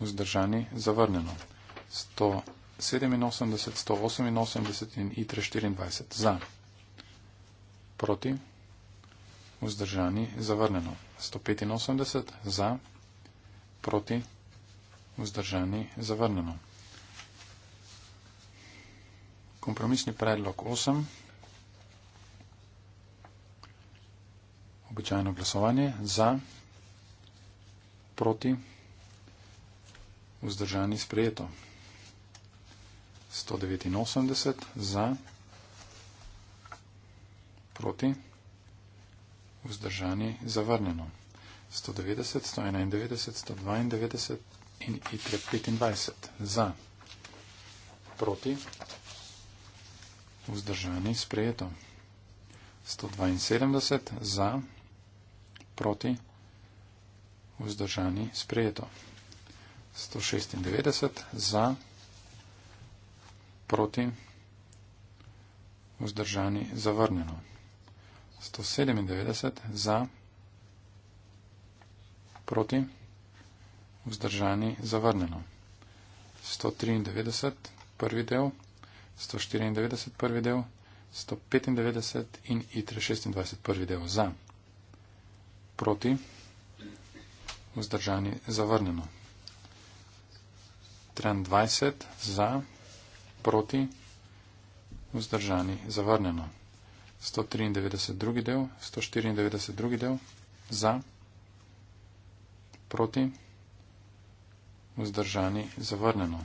vzdržani, zavrnjeno. 187, 188 in ITRE 24 za. Proti, vzdržani, zavrnjeno. 185 za, proti, vzdržani, zavrnjeno. Kompromisni predlog 8. Običajno glasovanje za proti, vzdržani sprejeto. 189 za, proti, vzdržani zavrnjeno. 190, 191, 192 in itre 25 za, proti, vzdržani sprejeto. 172 za, proti, vzdržani sprejeto vzdržani sprejeto. 196 za, proti, vzdržani zavrnjeno. 197 za, proti, vzdržani zavrnjeno. 193 prvi del, 194 prvi del, 195 in itre 26 prvi del za, proti, vzdržani zavrnjeno vzdržanje zavrnjeno. 23 za, proti, vzdržani zavrnjeno. 193 drugi del, 194 drugi del, za, proti, vzdržani zavrnjeno.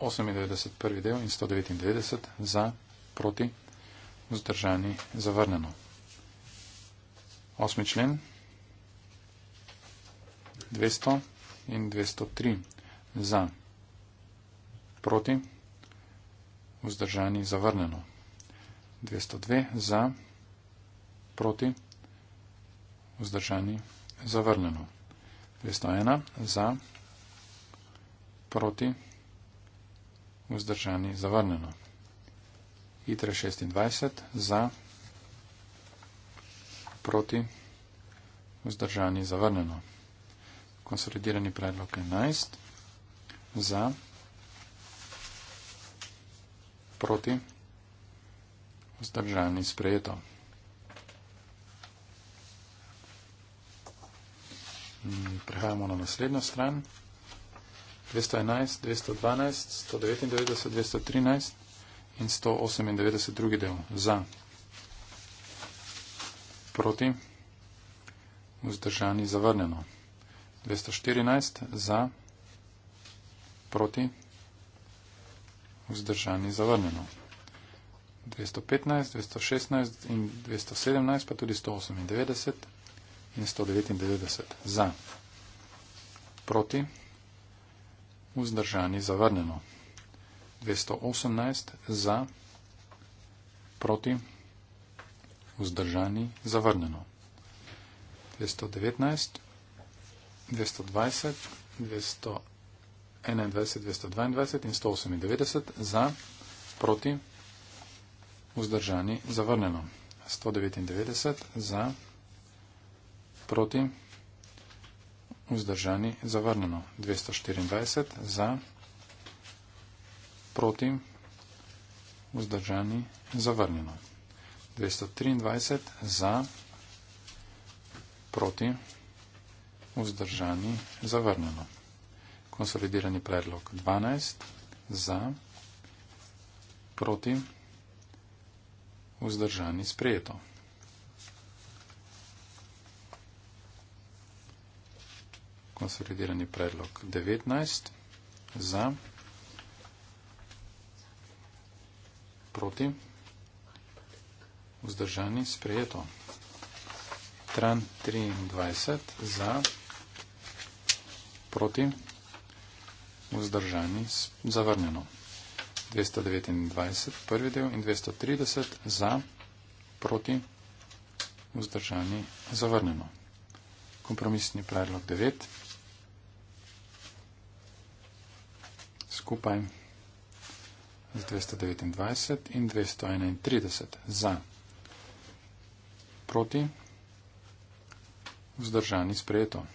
198 prvi del in 199 za, proti, vzdržani zavrnjeno. 8. člen. 200 in 203 za, proti, vzdržani, zavrneno. 202 za, proti, vzdržani, zavrneno. 201 za, proti, vzdržani, zavrneno. ITR 26 za, proti, vzdržani, zavrneno konsolidirani predlog 11, za, proti, vzdržani sprejeto. Mm, prehajamo na naslednjo stran. 211, 212, 199, 213 in 198 drugi del. Za, proti, vzdržani zavrneno. 214 za, proti, vzdržani zavrnjeno. 215, 216 in 217, pa tudi 198 in 199 za, proti, vzdržani zavrnjeno. 218 za, proti, vzdržani zavrnjeno. 219 220, 221, 222 in 198 za, proti, vzdržani, zavrnjeno. 199 za, proti, vzdržani, zavrnjeno. 224 za, proti, vzdržani, zavrnjeno. 223 za, proti, vzdržani, zavrnjeno vzdržani, zavrnjeno. Konsolidirani predlog 12, za, proti, vzdržani, sprejeto. Konsolidirani predlog 19, za, proti, vzdržani, sprejeto. Tran 23 za proti, vzdržani, zavrnjeno. 229, prvi del in 230 za, proti, vzdržani, zavrnjeno. Kompromisni predlog 9. Skupaj z 229 in 231 za, proti, vzdržani, sprejeto.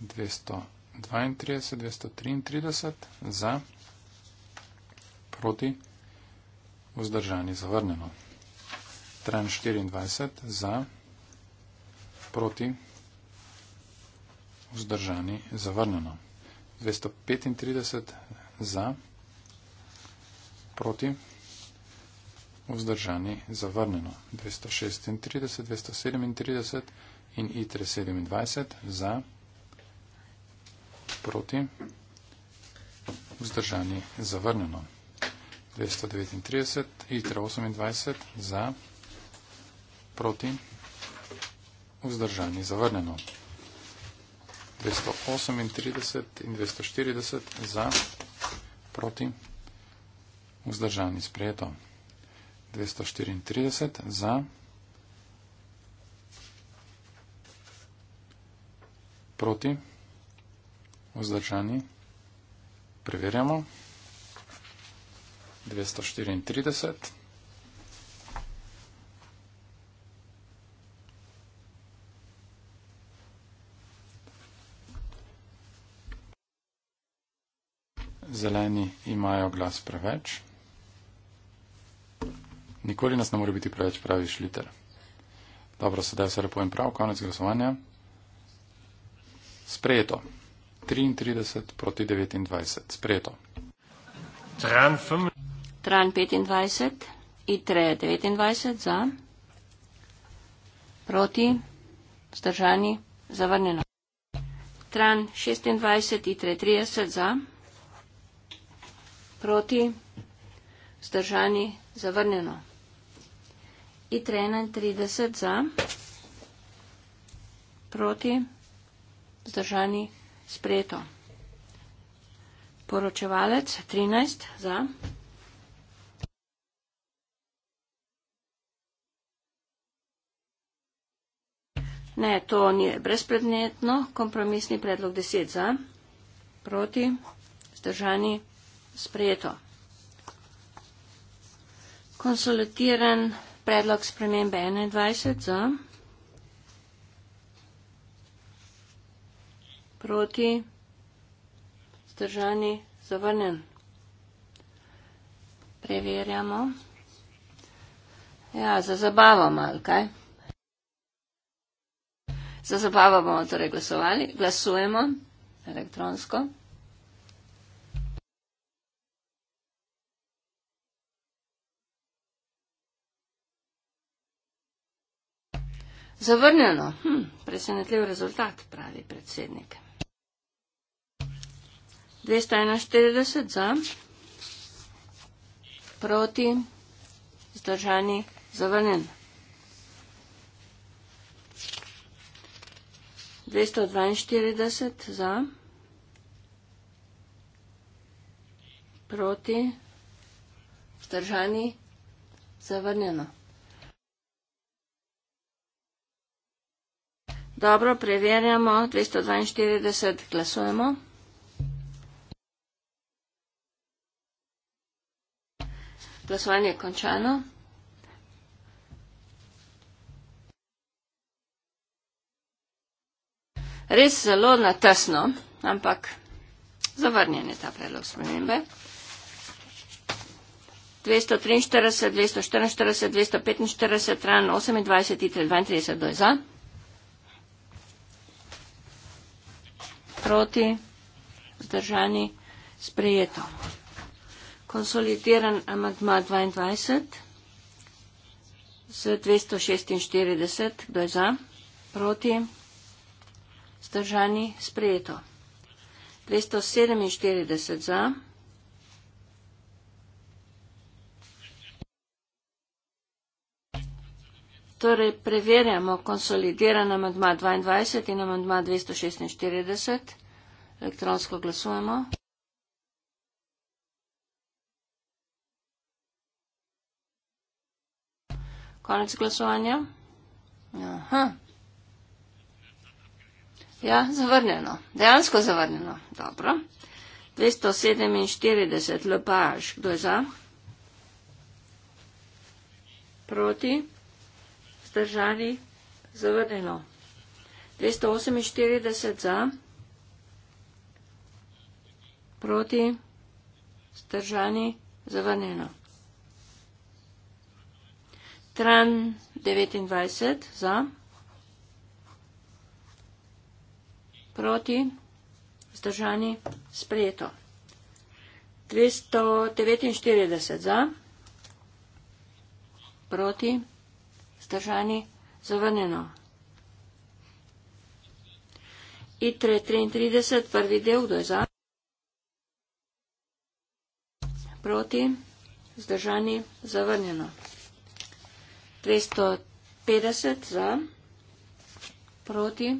232-233 za, proti, vzdržani zavrnjeno. Tran 24 za, proti, vzdržani zavrnjeno. 235 za, proti, vzdržani zavrnjeno. 236, 237 in ITRE 27 za, proti, proti, vzdržani zavrnjeno. 239, itra 28 za, proti, vzdržani zavrnjeno. 238 in 240 za, proti, vzdržani sprejeto. 234 za, proti, vzdržani zavrnjeno vzdržani. Preverjamo. 234. Zeleni imajo glas preveč. Nikoli nas ne more biti preveč, pravi šliter. Dobro, sedaj vse lepo in prav, konec glasovanja. Sprejeto. 33 proti 29. Sprejeto. Tran 25, ITRE 29 za, proti, zdržani, zavrnjeno. Tran 26, ITRE 30 za, proti, zdržani, zavrnjeno. ITRE 31 za, proti, zdržani, zavrnjeno. Sprejeto. Poročevalec, 13, za. Ne, to ni brezpredmetno. Kompromisni predlog 10 za. Proti. Zdržani. Sprejeto. Konsolidiran predlog spremembe 21 za. proti, zdržani, zavrnen. Preverjamo. Ja, za zabavo malo, kaj? Za zabavo bomo torej glasovali. Glasujemo elektronsko. Zavrnjeno. Hm, presenetljiv rezultat, pravi predsednik. 241 za, proti, zdržani, zavrnen. 242 za, proti, zdržani, zavrnjeno. Dobro, preverjamo. 242 glasujemo. Glasovanje je končano. Res zelo natesno, ampak zavrnjen je ta predlog spremembe. 243, 244, 245, 23, 32 za, proti, zdržani, sprejeto konsolidiran amadma 22 z 246, kdo je za, proti, zdržani, sprejeto. 247 za. Torej, preverjamo konsolidiran amadma 22 in amadma 246. Elektronsko glasujemo. Konec glasovanja. Aha. Ja, zavrnjeno. Dejansko zavrnjeno. Dobro. 247 lopaž. Kdo je za? Proti? Zdržani? Zavrnjeno. 248 za? Proti? Zdržani? Zavrnjeno. Stran 29 za. Proti. Zdržani. Sprejeto. 249 za. Proti. Zdržani. Zavrnjeno. ITRE 33, prvi del, kdo je za? Proti, zdržani, zavrnjeno. 250 za, proti,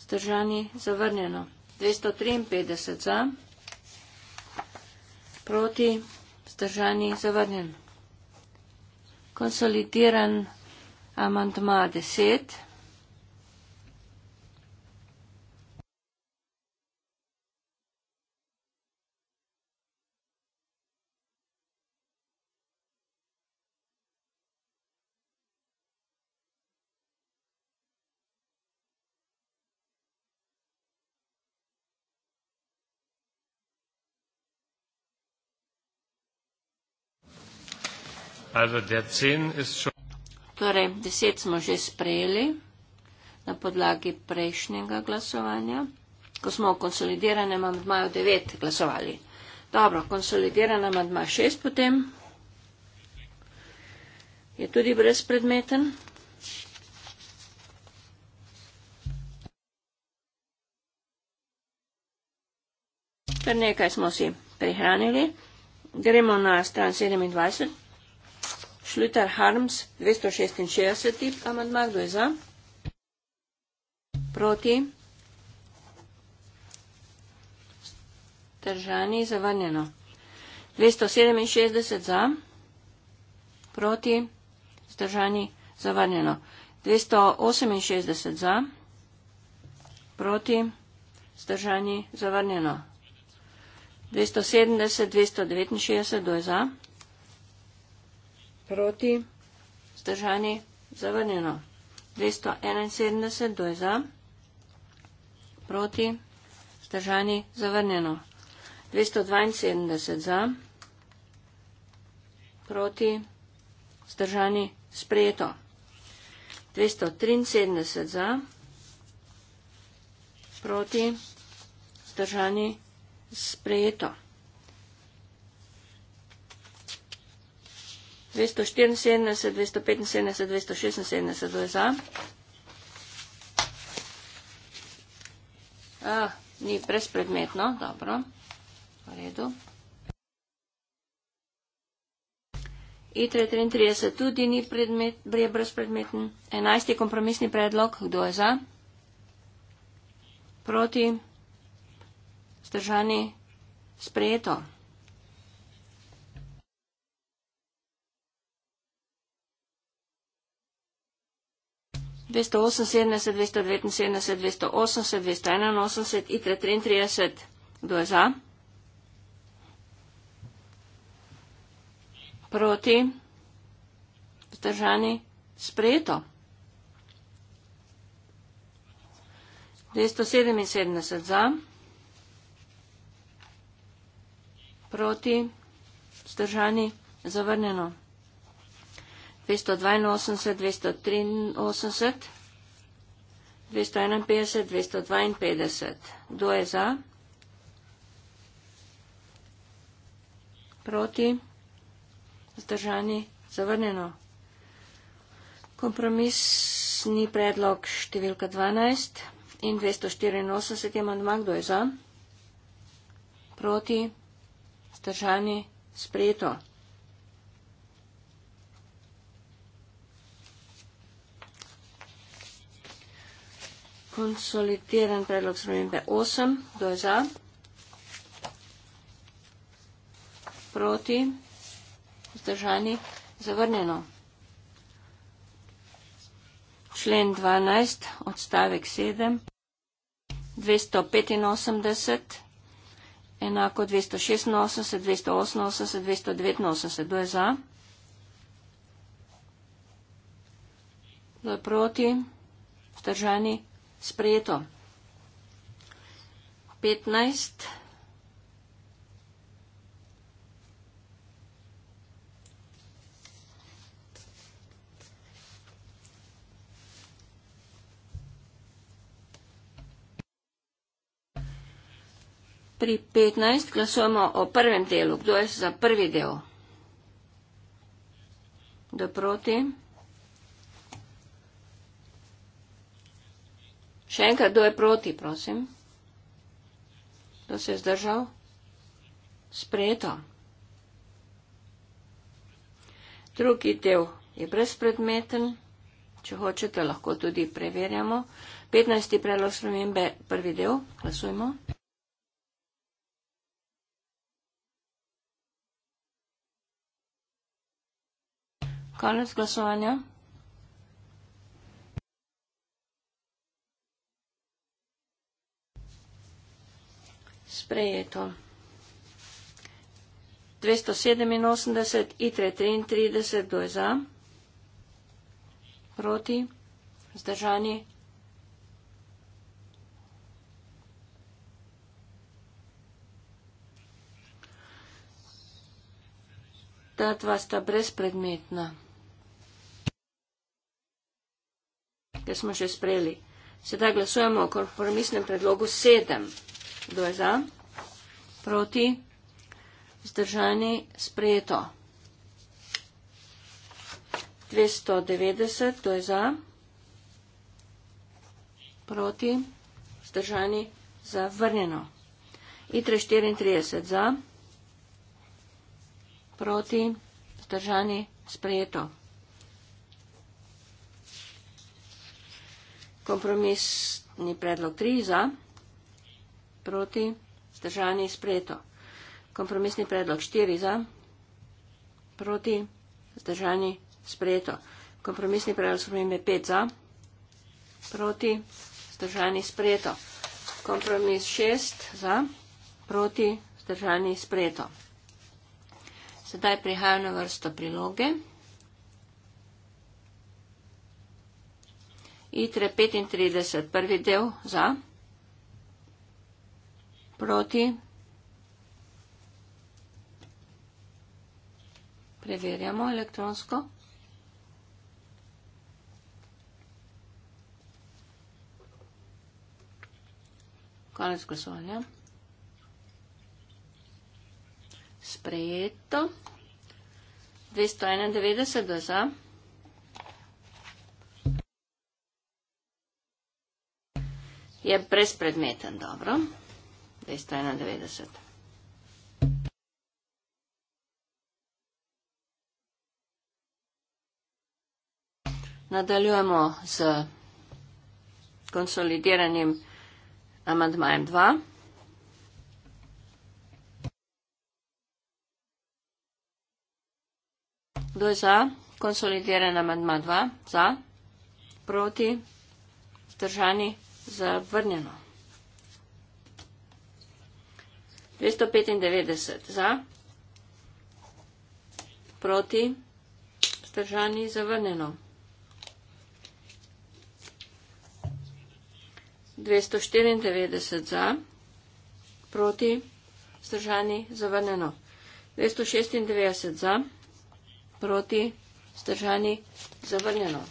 zdržani, zavrnjeno. 253 za, proti, zdržani, zavrnjeno. Konsolidiran amantma 10. 10. Torej, deset smo že sprejeli na podlagi prejšnjega glasovanja. Ko smo o konsolideranem amadmaju devet glasovali. Dobro, konsolideran amadma šest potem je tudi brezpredmeten. Kar nekaj smo si prihranili. Gremo na stran 27. Šlutar Harms, 266. amandma, kdo je za? Proti? Držani, zavrnjeno. 267 za, proti, zdržani, zavrnjeno. 268 za, proti, zdržani, zavrnjeno. 270, 269, kdo je za? Proti. Zdržani. Zavrnjeno. 271. Kdo je za? Proti. Zdržani. Zavrnjeno. 272 za, proti, zdržani, sprejeto. 273 za, proti, zdržani, sprejeto. 275, 276, 276 do je za. Ah, ni brezpredmetno, dobro, v redu. I333 tudi ni predmet, je brezpredmeten. 11. kompromisni predlog, kdo je za? Proti, zdržani, sprejeto. 278, 279, 280, 281, ITRE 33, kdo je za? Proti? Zdržani? Sprejeto. 277 za. Proti? Zdržani? Zavrnjeno. 282, 283, 251, 252. Kdo je za? Proti? Zdržani? Zavrnjeno. Kompromisni predlog številka 12 in 284 je mandma. Kdo je za? Proti? Zdržani? Sprejeto. konsolidiran predlog spremembe 8, kdo je za? Proti? Zdržani? Zavrnjeno. Člen 12, odstavek 7, 285, enako 286, 288, 289, kdo je za? Kdo je proti? Vzdržani? sprejeto. 15. Pri 15 glasujemo o prvem delu. Kdo je za prvi del? Do proti? Do proti? Še enkrat, kdo je proti, prosim? Kdo se je zdržal? Sprejeto. Drugi del je brezpredmeten, če hočete, lahko tudi preverjamo. 15. predlog spremembe, prvi del, glasujmo. Konec glasovanja. sprejeto. 287, ITRE 33, kdo je za? Proti? Zdržani? Ta dva sta brezpredmetna. Ker smo že sprejeli. Sedaj glasujemo o kompromisnem predlogu 7. Kdo je za? Proti? Zdržani? Sprejeto. 290. Kdo je za? Proti? Zdržani? Zavrnjeno. ITRE 34 za, proti, zdržani, sprejeto. Kompromisni predlog 3 za proti, zdržani sprejeto. Kompromisni predlog 4 za, proti, zdržani sprejeto. Kompromisni predlog spremembe 5 za, proti, zdržani sprejeto. Kompromis 6 za, proti, zdržani sprejeto. Sedaj prihaja na vrsto priloge. ITRE 35, prvi del za proti. Preverjamo elektronsko. Konec glasovanja. Sprejeto. 291 do za. Je brezpredmeten, dobro. 1991. Nadaljujemo z konsolidiranim amantmajem 2. Kdo je za konsolidiran amantma 2? Za? Proti? Zdržani? Zavrnjeno? Zavrnjeno? 295 za, proti, vzdržani, zavrnjeno. 294 za, proti, vzdržani, zavrnjeno. 296 za, proti, vzdržani, zavrnjeno.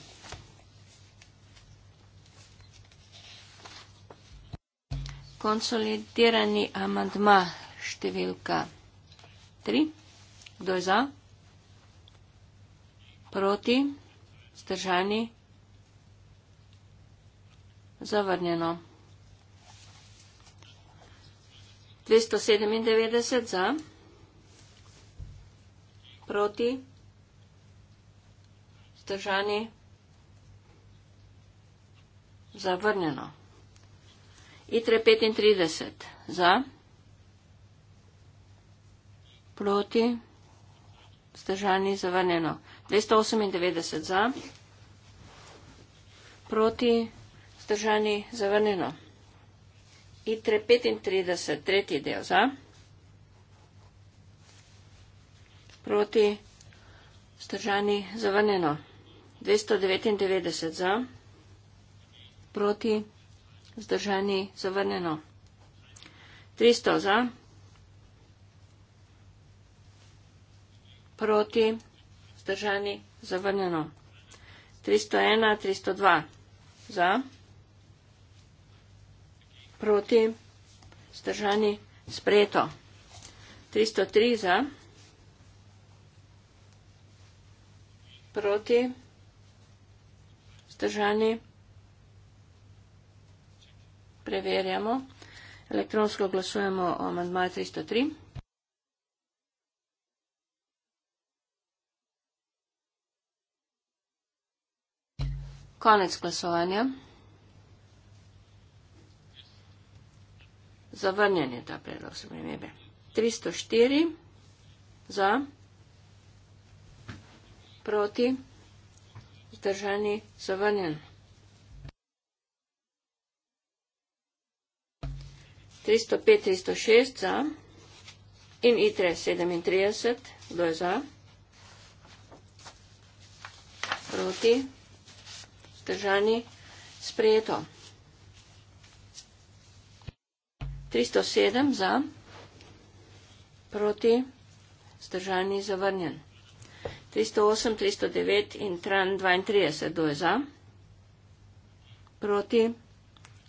konsolidirani amandma številka 3. Kdo je za? Proti? Zdržani? Zavrnjeno. 297 za. Proti? Zdržani? Zavrnjeno. Itre 35. Za. Proti. Zdržani zavrnjeno. 298 za. Proti. Zdržani zavrnjeno. Itre 35. Tretji del. Za. Proti. Zdržani zavrnjeno. 299 za. Proti. Vzdržani zavrnjeno. 300 za. Proti. Vzdržani zavrnjeno. 301, 302 za. Proti. Vzdržani sprejeto. 303 za. Proti. Vzdržani sprejeto preverjamo. Elektronsko glasujemo o amantmaju 303. Konec glasovanja. Zavrnjen je ta predlog spremembe. 304 za, proti, zdržani, zavrnjen. 305-306 za in I3 37, kdo je za? Proti, zdržani, sprejeto. 307 za, proti, zdržani, zavrnjen. 308, 309 in tran 32, kdo je za? Proti,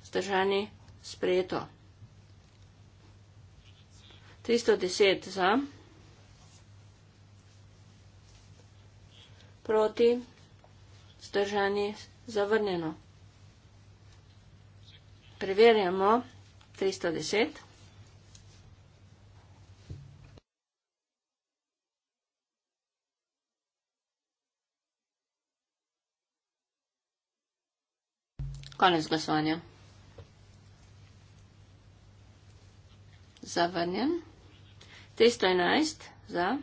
zdržani, sprejeto. 309. 310 za, proti, zdržani, zavrnjeno. Preverjamo 310. Konec glasovanja. Zavrnjen. 311 za.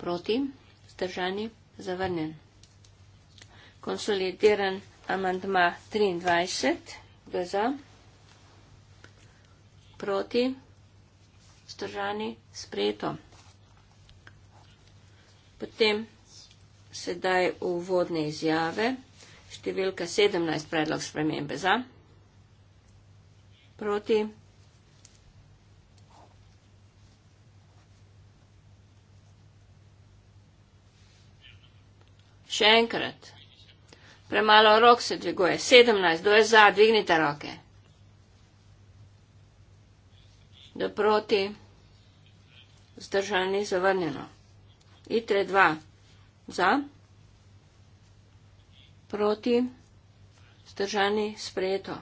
Proti, zdržani, zavrnjen. Konsolidiran amantma 23, gza, proti, zdržani, sprejeto. Potem sedaj uvodne izjave, številka 17, predlog spremembe za. Zdaj proti. Še enkrat. Premalo rok se dviguje. 17. Do je za. Dvignite roke. Do proti. Zdržanje ni zavrnjeno. Itre 2. Za. Proti. Zdržanje sprejeto.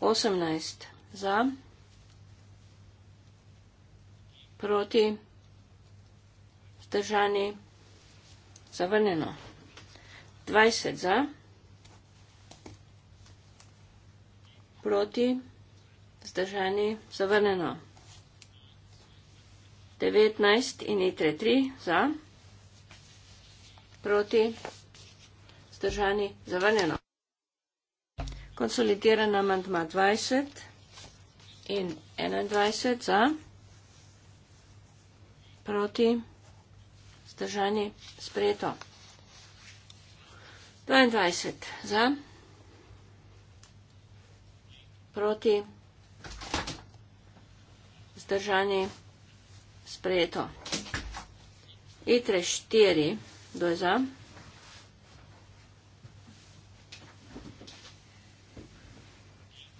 18 za, proti, zdržani, zavrnjeno. 20 za, proti, zdržani, zavrnjeno. 19 in itre 3 za, proti, zdržani, zavrnjeno konsolidiran amantma 20 in 21 za, proti, zdržani, sprejeto. 22 za, proti, zdržani, sprejeto. Itre 4, kdo je za? 4.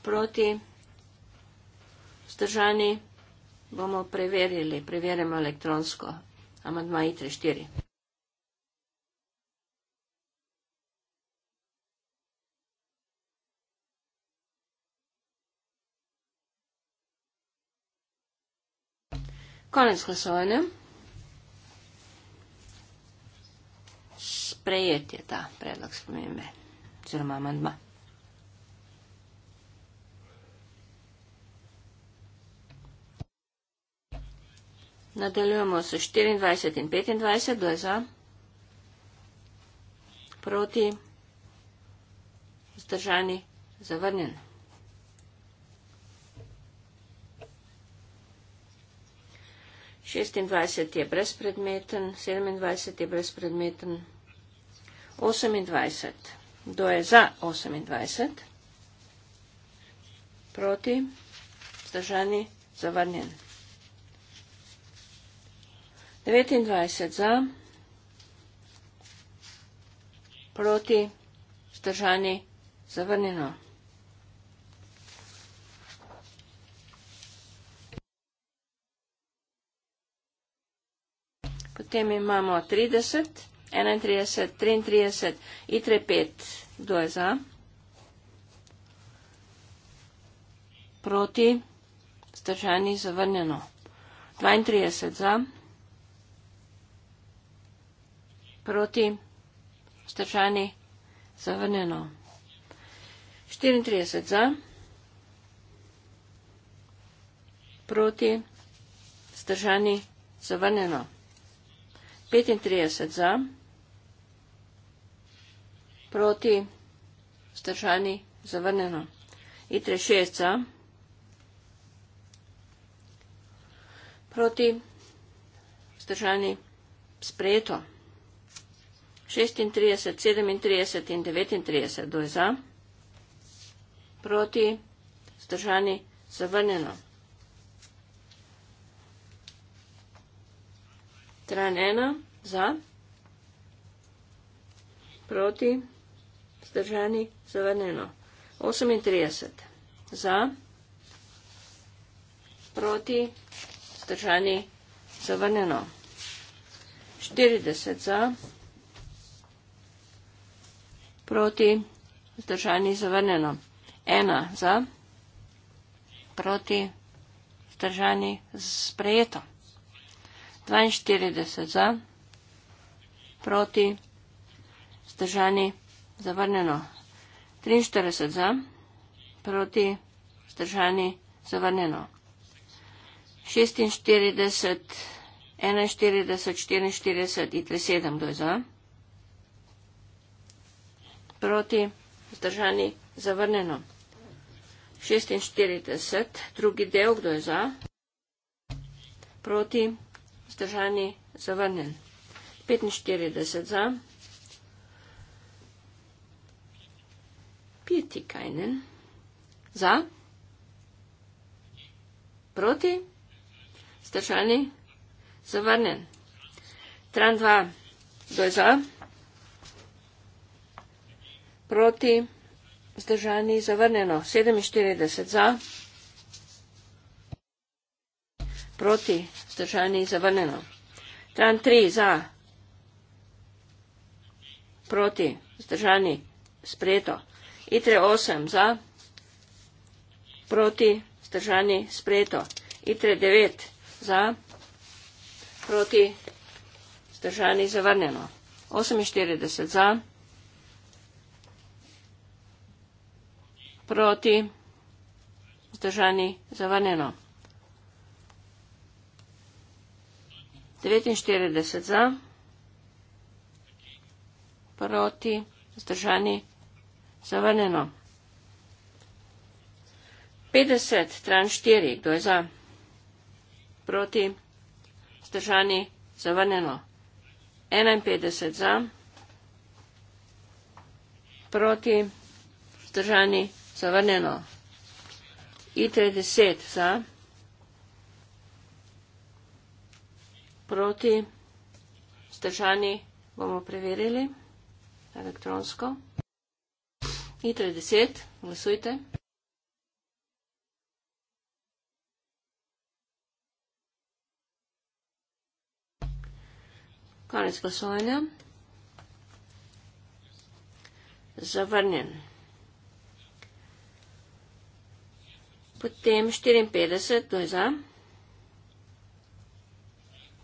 proti, vzdržani, bomo preverili, preverimo elektronsko. Amadma I3-4. Konec glasovanja. Sprejet je ta predlog spremembe, oziroma amandma. Nadaljujemo s 24 in 25, kdo je za? Proti? Zdržani? Zavrnjen. Šestindvajset je brezpredmeten, sedemindvajset je brezpredmeten, osemindvajset. Kdo je za osemindvajset? Proti? Zdržani? Zavrnjen. 29 za, proti, vzdržani, zavrnjeno. Potem imamo 30, 31, 33, itre 5, kdo je za, proti, vzdržani, zavrnjeno. 32 za. proti, vzdržani, zavrnjeno. 34 za, proti, vzdržani, zavrnjeno. 35 za, proti, vzdržani, zavrnjeno. Itre 6 za, proti, vzdržani, sprejeto. 36, 37 in 39, kdo je za, proti, zdržani, zavrnjeno. Tran 1, za, proti, zdržani, zavrnjeno. 38, za, proti, zdržani, zavrnjeno. 40 za, proti, zdržani zavrnjeno. Ena za, proti, zdržani sprejeto. 42 za, proti, zdržani zavrnjeno. 43 za, proti, zdržani zavrnjeno. 46, 41, 44 in 37, kdo je za? proti, zdržani, zavrnjeno. 46, drugi del, kdo je za, proti, zdržani, zavrnjen. 45 za, piti kajnen, za, proti, zdržani, zavrnjen. 32, kdo je za, proti, zdržani, zavrnjeno 47 za, proti, zdržani, zavrnjeno. Tran 3 za, proti, zdržani, sprejeto. Itre 8 za, proti, zdržani, sprejeto. Itre 9 za, proti, zdržani, zavrnjeno. 48 za, proti, zdržani, sprejeto. proti zdržani zavrnjeno. 49 za, proti zdržani zavrnjeno. 50, tran 4, kdo je za, proti zdržani zavrnjeno. 51 za, proti zdržani zavrnjeno zavrnjeno. Itre 10 za. Proti. Stržani bomo preverili elektronsko. Itre 10, glasujte. Konec glasovanja. Zavrnjen. potem 54, to je za,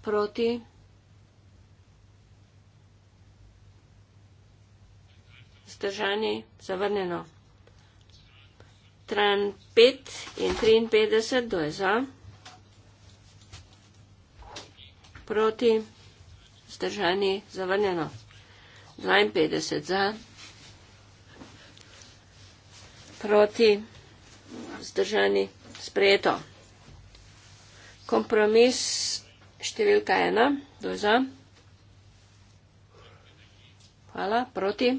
proti, zdržani, zavrnjeno, tran 5 in 53, to je za, proti, zdržani, zavrnjeno, 52 za, proti, zdržani, zavrnjeno, vzdržani, sprejeto. Kompromis številka ena, kdo je za? Hvala, proti.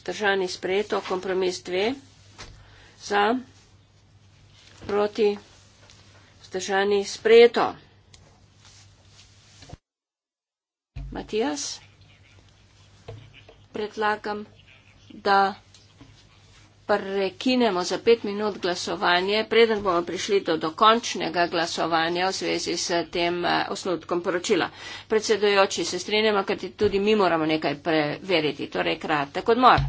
Zdržani, sprejeto. Kompromis dve, za, proti. Zdržani, sprejeto. Matijas, predlagam, da prekinemo za pet minut glasovanje, preden bomo prišli do dokončnega glasovanja v zvezi s tem eh, osnutkom poročila. Predsedujoči, se strinjamo, kajti tudi mi moramo nekaj preveriti, torej kratek odmor.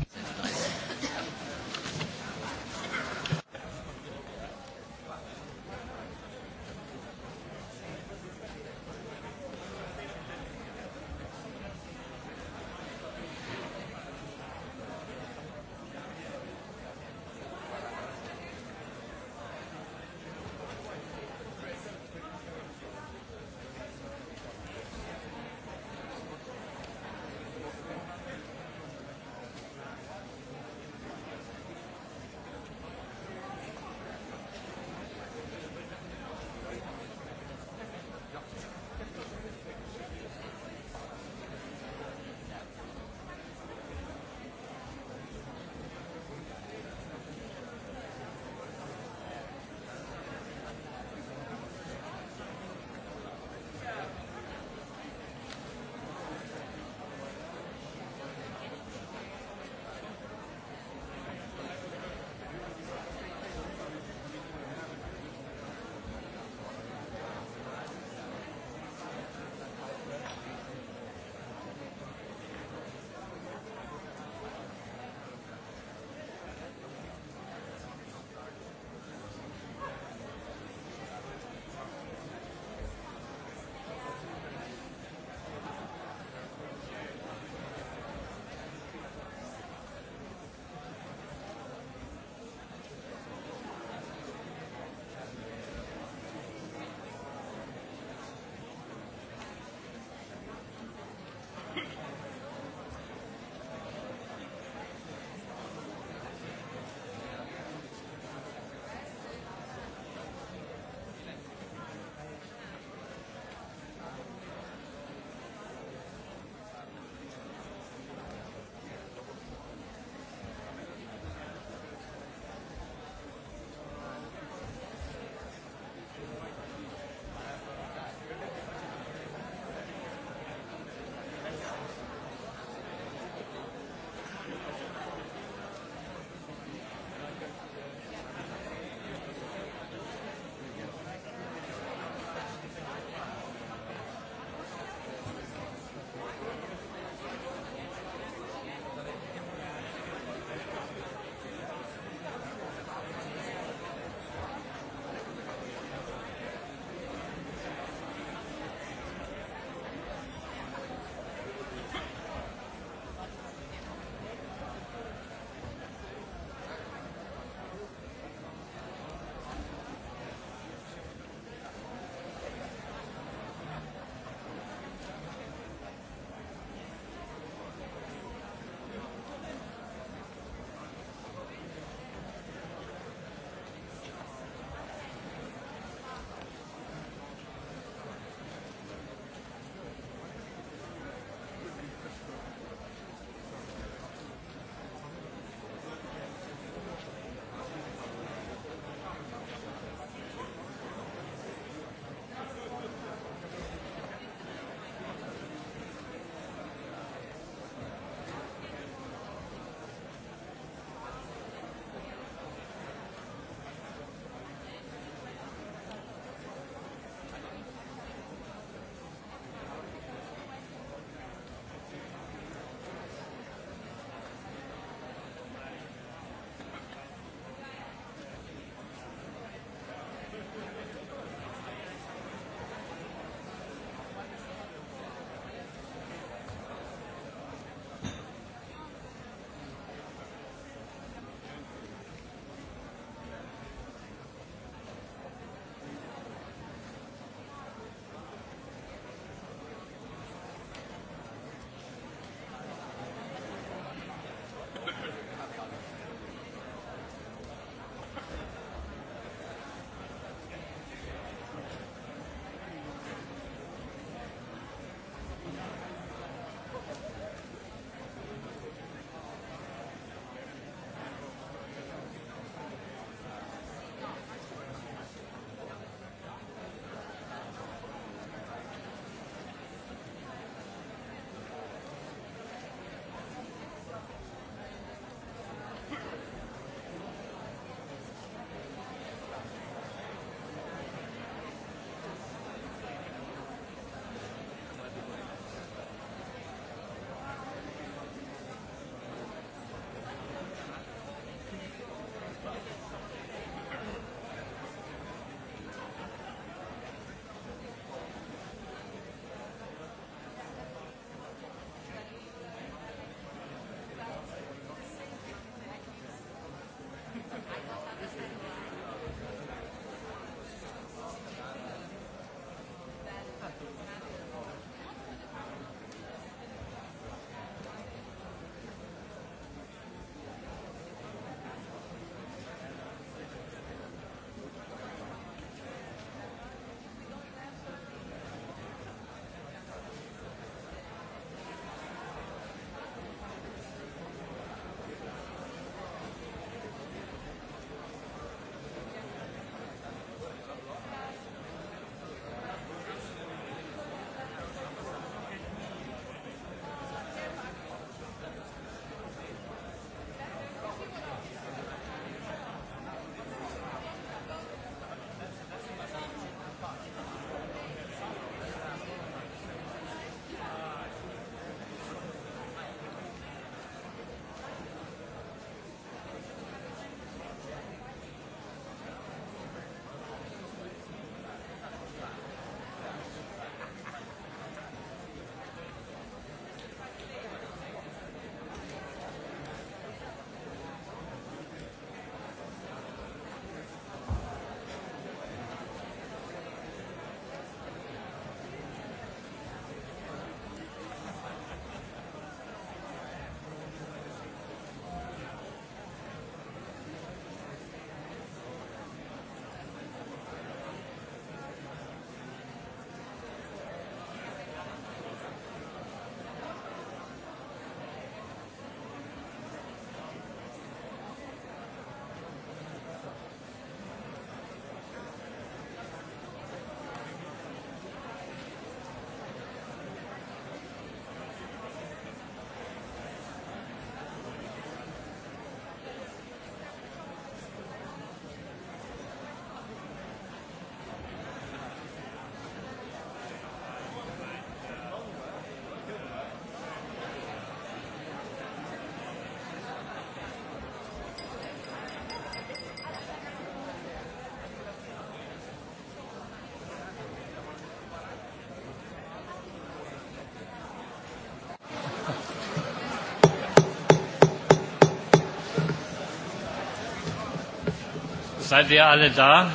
Seid ihr alle da?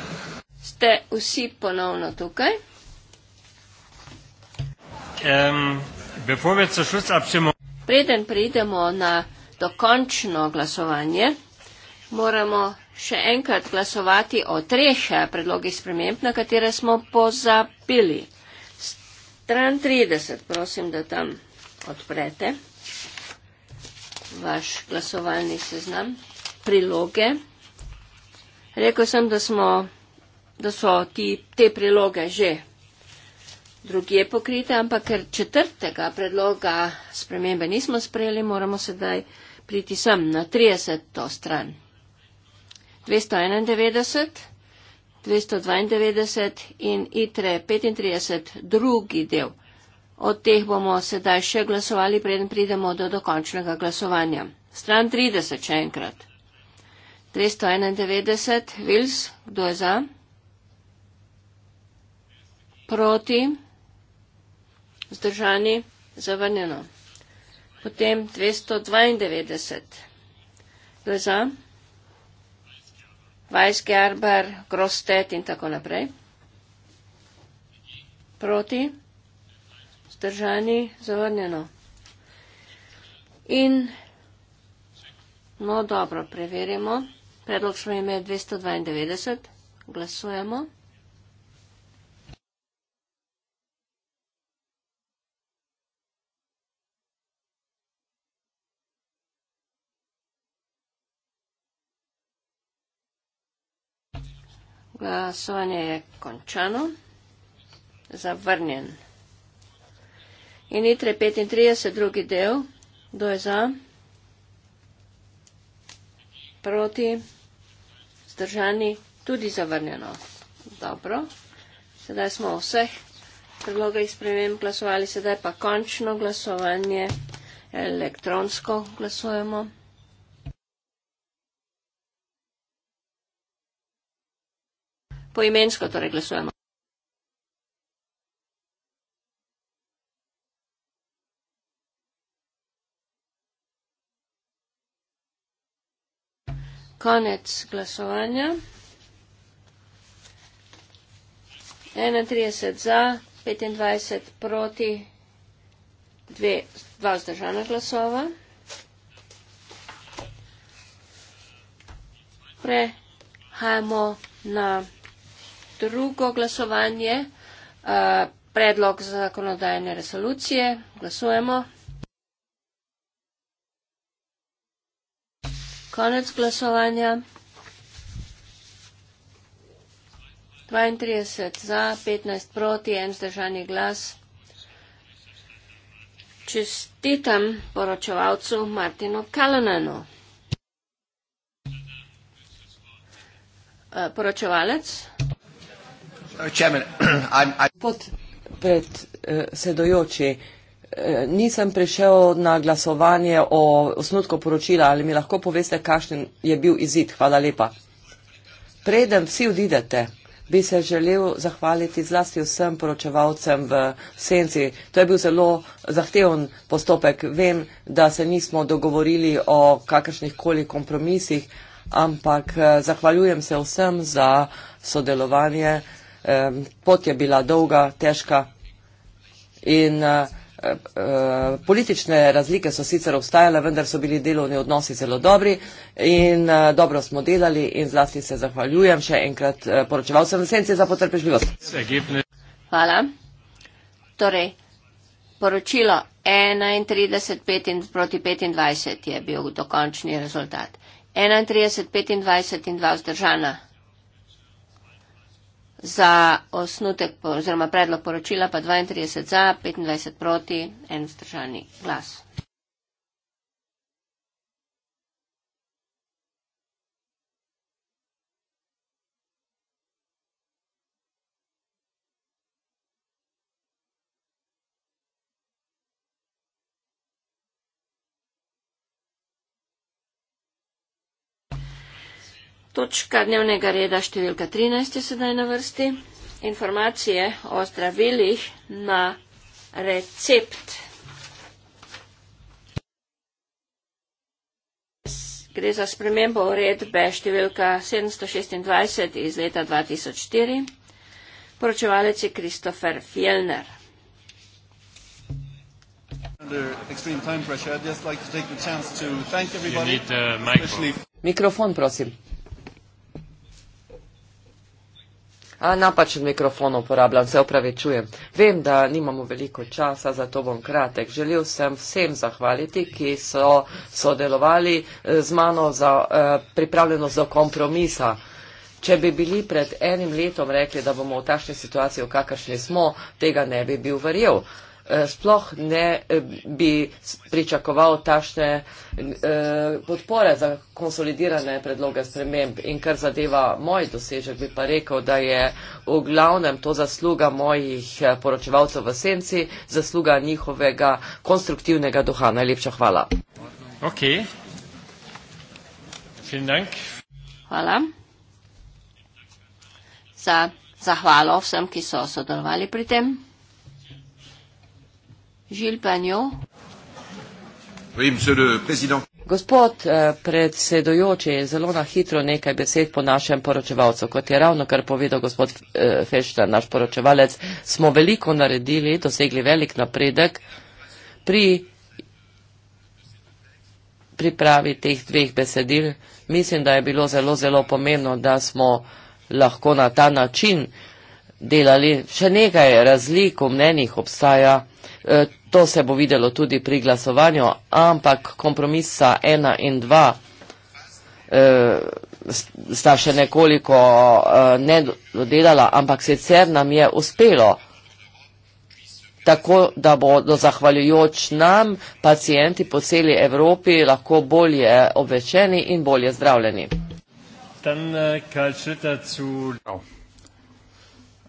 Ste vsi ponovno tukaj? Ähm, Preden pridemo na dokončno glasovanje, moramo še enkrat glasovati o treh eh, predlogih sprememb, na katere smo pozabili. Stran 30, prosim, da tam odprete vaš glasovalni seznam, priloge. Rekl sem, da, smo, da so ti, te priloge že drugje pokrite, ampak ker četrtega predloga spremembe nismo sprejeli, moramo sedaj priti sem na 30. To stran. 291, 292 in ITRE 35, drugi del. Od teh bomo sedaj še glasovali, preden pridemo do dokončnega glasovanja. Stran 30, še enkrat. 291. Vils, kdo je za? Proti? Zdržani? Zavrnjeno. Potem 292. Kdo je za? Vajs Gerber, Grostet in tako naprej. Proti? Zdržani? Zavrnjeno. In, no dobro, preverimo. Predlog spremembe je 292. Glasujemo. Glasovanje je končano. Zavrnjen. In itre 35, drugi del. Kdo je za? proti, zdržani, tudi zavrnjeno. Dobro, sedaj smo o vseh predlogih spremem glasovali, sedaj pa končno glasovanje elektronsko glasujemo. Poimensko torej glasujemo. konec glasovanja. 31 za, 25 proti, 2, 2 vzdržana glasova. Prehajamo na drugo glasovanje, eh, predlog zakonodajne resolucije. Glasujemo. Konec glasovanja. 32 za, 15 proti, en zdržani glas. Čestitam poročevalcu Martinu Kalananu. Eh, poročevalec. Pod predsedojoči. Uh, nisem prišel na glasovanje o osnutku poročila, ali mi lahko poveste, kakšen je bil izid. Hvala lepa. Preden vsi odidete, bi se želel zahvaliti zlasti vsem poročevalcem v senci. To je bil zelo zahteven postopek. Vem, da se nismo dogovorili o kakršnih koli kompromisih, ampak eh, zahvaljujem se vsem za sodelovanje. Eh, pot je bila dolga, težka. In uh, Eh, politične razlike so sicer obstajale, vendar so bili delovni odnosi zelo dobri in eh, dobro smo delali in zlasti se zahvaljujem še enkrat eh, poročevalcem Senci za potrpežljivost. Hvala. Torej, poročilo 31.5 proti 25 je bil dokončni rezultat. 31.25 in dva vzdržana za osnutek oziroma predlog poročila pa 32 za, 25 proti, en vzdržani glas. Točka dnevnega reda številka 13 je sedaj na vrsti. Informacije o zdravilih na recept. Gre za spremembo uredbe številka 726 iz leta 2004. Poročevalec je Kristofer Fjellner. Pressure, like to to Mikrofon, prosim. A, napačen mikrofon uporabljam, se opravičujem. Vem, da nimamo veliko časa, zato bom kratek. Želel sem vsem zahvaliti, ki so sodelovali eh, z mano za eh, pripravljenost do kompromisa. Če bi bili pred enim letom rekli, da bomo v takšni situaciji, v kakršni smo, tega ne bi bil verjel. Eh, sploh ne eh, bi pričakoval tašne eh, podpore za konsolidirane predloge sprememb. In kar zadeva moj dosežek, bi pa rekel, da je v glavnem to zasluga mojih poročevalcev v senci, zasluga njihovega konstruktivnega duha. Najlepša hvala. Okay. Hvala za zahvalo vsem, ki so sodelovali pri tem. Gospod eh, predsedujoči, zelo na hitro nekaj besed po našem poročevalcu. Kot je ravno kar povedal gospod eh, Fešter, naš poročevalec, smo veliko naredili, dosegli velik napredek pri pripravi teh dveh besedil. Mislim, da je bilo zelo, zelo pomembno, da smo lahko na ta način delali. Še nekaj razlik v mnenjih obstaja. E, to se bo videlo tudi pri glasovanju, ampak kompromisa ena in dva e, sta še nekoliko e, nedodelala, ampak sicer nam je uspelo tako, da bodo zahvaljujoč nam pacijenti po celi Evropi lahko bolje obvečeni in bolje zdravljeni. Dann, äh, Karl Schlitter zu. Oh.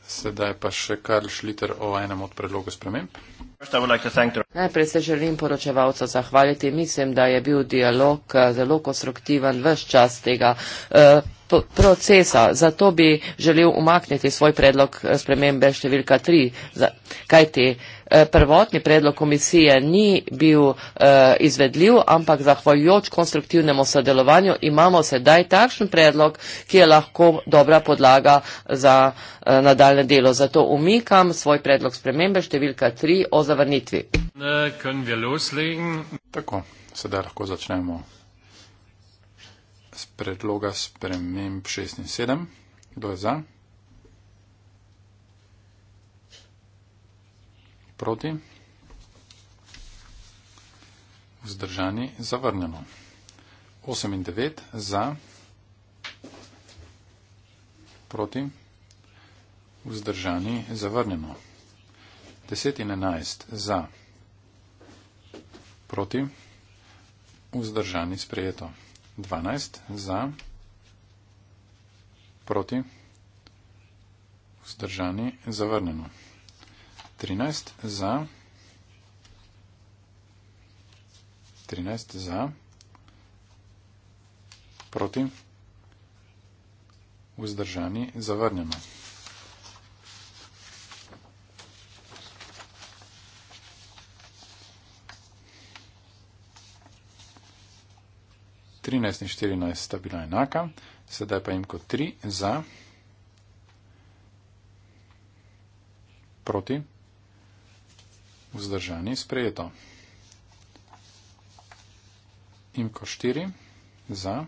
Sedaj pa še Karl Šliter o enem od predlogov sprememb. Najprej se želim poročevalcu zahvaliti. Mislim, da je bil dialog eh, zelo konstruktiven vse čas tega eh, procesa. Zato bi želel umakniti svoj predlog eh, spremembe številka 3. Kaj ti? Eh, prvotni predlog komisije ni bil eh, izvedljiv, ampak zahvaljujoč konstruktivnemu sodelovanju imamo sedaj takšen predlog, ki je lahko dobra podlaga za eh, nadaljne delo. Zato umikam svoj predlog spremembe številka 3 o zavrnitvi. Tako, sedaj lahko začnemo s predloga sprememb 6 in 7. Kdo je za? proti, vzdržani, zavrnjeno. 8 in 9 za, proti, vzdržani, zavrnjeno. 10 in 11 za, proti, vzdržani, sprejeto. 12 za, proti, vzdržani, zavrnjeno. 13 za 13 za proti vzdržani zavrnjeno. Trinajst in štirinajst sta bila enaka, sedaj pa jim kot tri za proti vzdržani in sprejeto. Imko 4 za,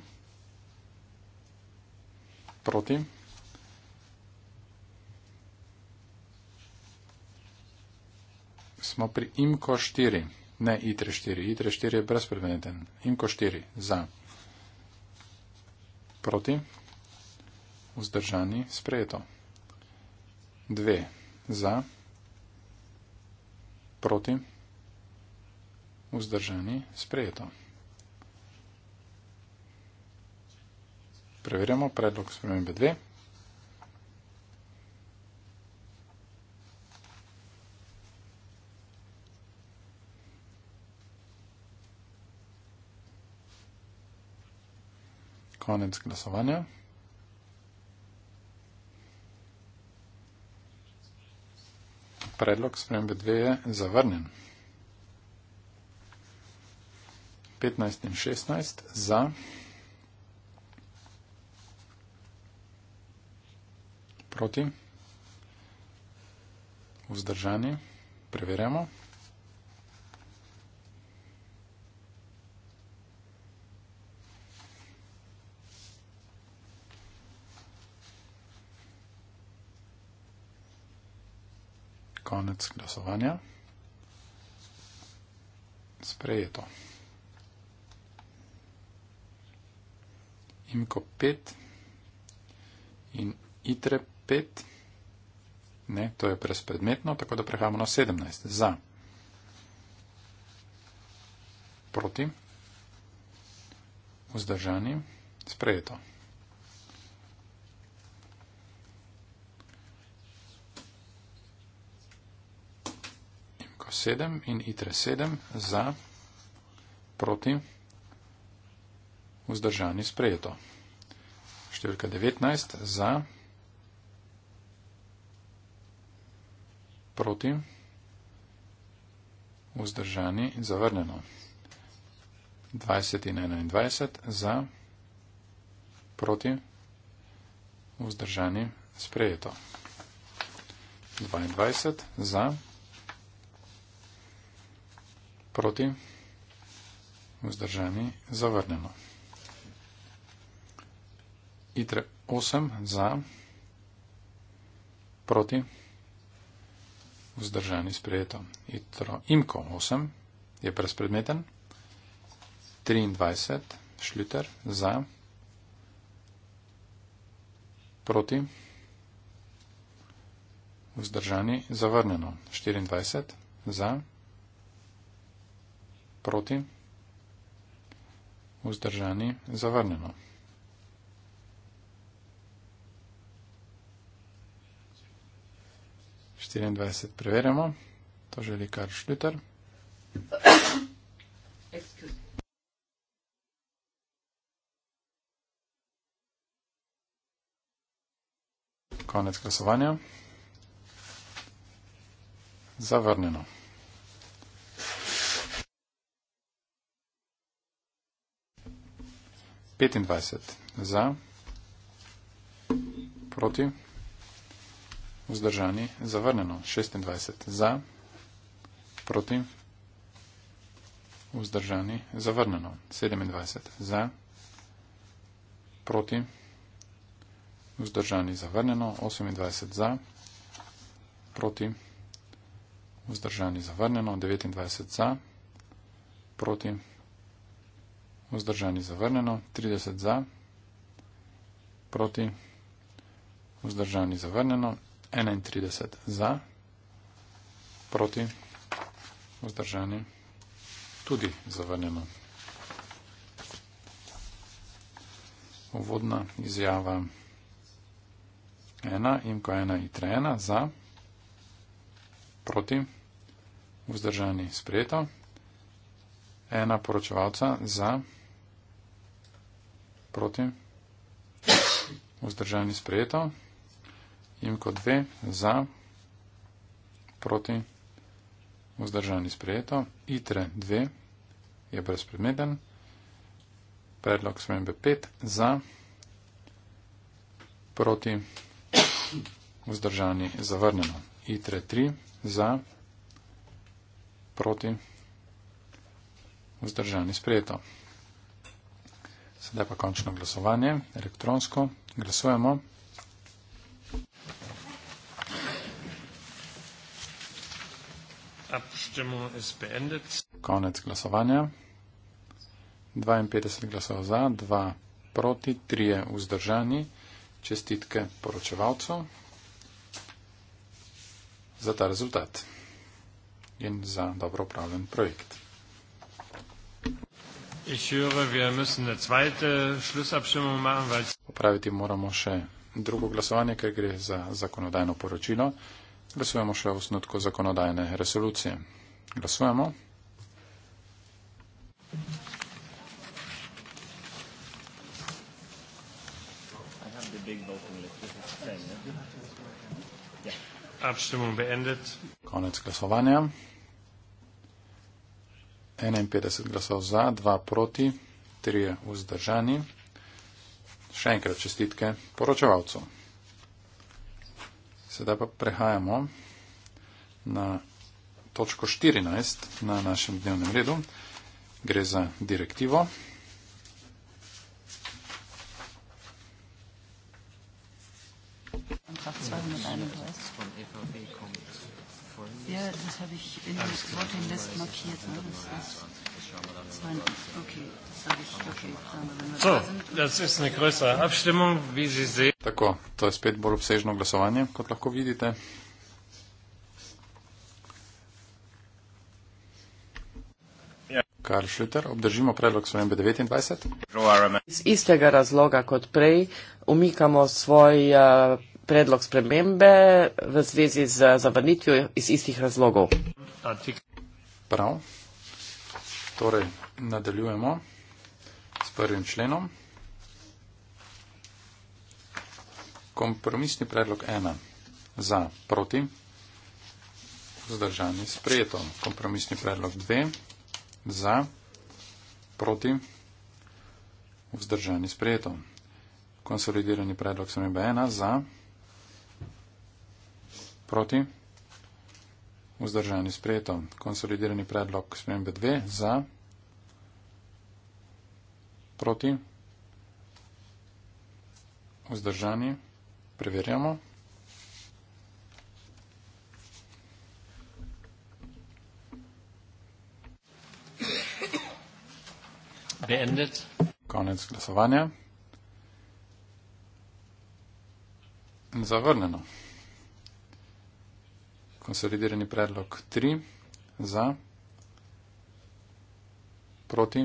proti. Smo pri Imko 4, ne ITRE 4. ITRE 4 je brezpredmeten. Imko 4 za, proti. Vzdržani, sprejeto. 2 za proti, vzdržani, sprejeto. Preverjamo predlog spremembe 2. Konec glasovanja. predlog spremembe dve je zavrnjen. 15 in 16 za, 15 proti, vzdržani, preverjamo. konec glasovanja. Sprejeto. Imko 5 in ITRE 5. Ne, to je brezpredmetno, tako da prehajamo na 17. Za. Proti. Vzdržani. Sprejeto. 7 in ITRE 7 za, proti, vzdržani sprejeto. Številka 19 za, proti, vzdržani in zavrnjeno. 20 in 21 za, proti, vzdržani sprejeto. 22 za, proti, vzdržani sprejeto proti, vzdržani, zavrnjeno. ITRE 8 za, proti, vzdržani, sprejeto. ITRO IMKO 8 je prespredmeten. 23 šljuter za, proti, vzdržani, zavrnjeno. 24 za, proti proti, vzdržani, zavrnjeno. Štiriindvajset preverjamo, to želi kar šljuter. Konec glasovanja. Zavrnjeno. 25 za, proti, vzdržani, zavrnjeno. 26 za, proti, vzdržani, zavrnjeno. 27 za, proti, vzdržani, zavrnjeno. 28 za, proti, vzdržani, zavrnjeno. 29 za, proti, vzdržani, zavrnjeno vzdržani zavrnjeno, 30 za, proti, vzdržani zavrnjeno, 31 za, proti, vzdržani tudi zavrnjeno. Uvodna izjava 1, imko 1 i 3, 1 za, proti, vzdržani sprejeto, 1 poročevalca za, proti, proti, vzdržani sprejeto in kot dve za, proti, vzdržani sprejeto, itre dve je brezpredmeten, predlog smembe pet za, proti, vzdržani zavrnjeno, itre tri za, proti, vzdržani sprejeto. Sedaj pa končno glasovanje, elektronsko. Glasujemo. Konec glasovanja. 52 glasov za, 2 proti, 3 vzdržani. Čestitke poročevalcu za ta rezultat in za dobro upravljen projekt. Popraviti moramo še drugo glasovanje, ker gre za zakonodajno poročilo. Glasujemo še o osnutku zakonodajne resolucije. Glasujemo. Konec glasovanja. 51 glasov za, 2 proti, 3 vzdržani. Še enkrat čestitke poročevalcu. Sedaj pa prehajamo na točko 14 na našem dnevnem redu. Gre za direktivo. Antrag 221 von EVP kommt vorhin. Ja, das habe ich in das Voting List markiert. Ne? Das Tako, to je spet bolj obsežno glasovanje, kot lahko vidite. Ja. Karl Schlüter, obdržimo predlog svojembe 29. Iz istega razloga kot prej umikamo svoj uh, predlog spremembe v zvezi z zavrnitvijo iz istih razlogov. Prav. Torej, nadaljujemo s prvim členom. Kompromisni predlog 1 za proti. Zdržani sprejeto. Kompromisni predlog 2 za proti. Vzdržani sprejeto. Konsolidirani predlog sem imel 1 za proti. Proti? Vzdržani sprejeto. Konsolidirani predlog spremembe 2. Za? Proti? Vzdržani? Preverjamo. Beendet. Konec glasovanja. Zavrneno konsolidirani predlog 3 za, proti,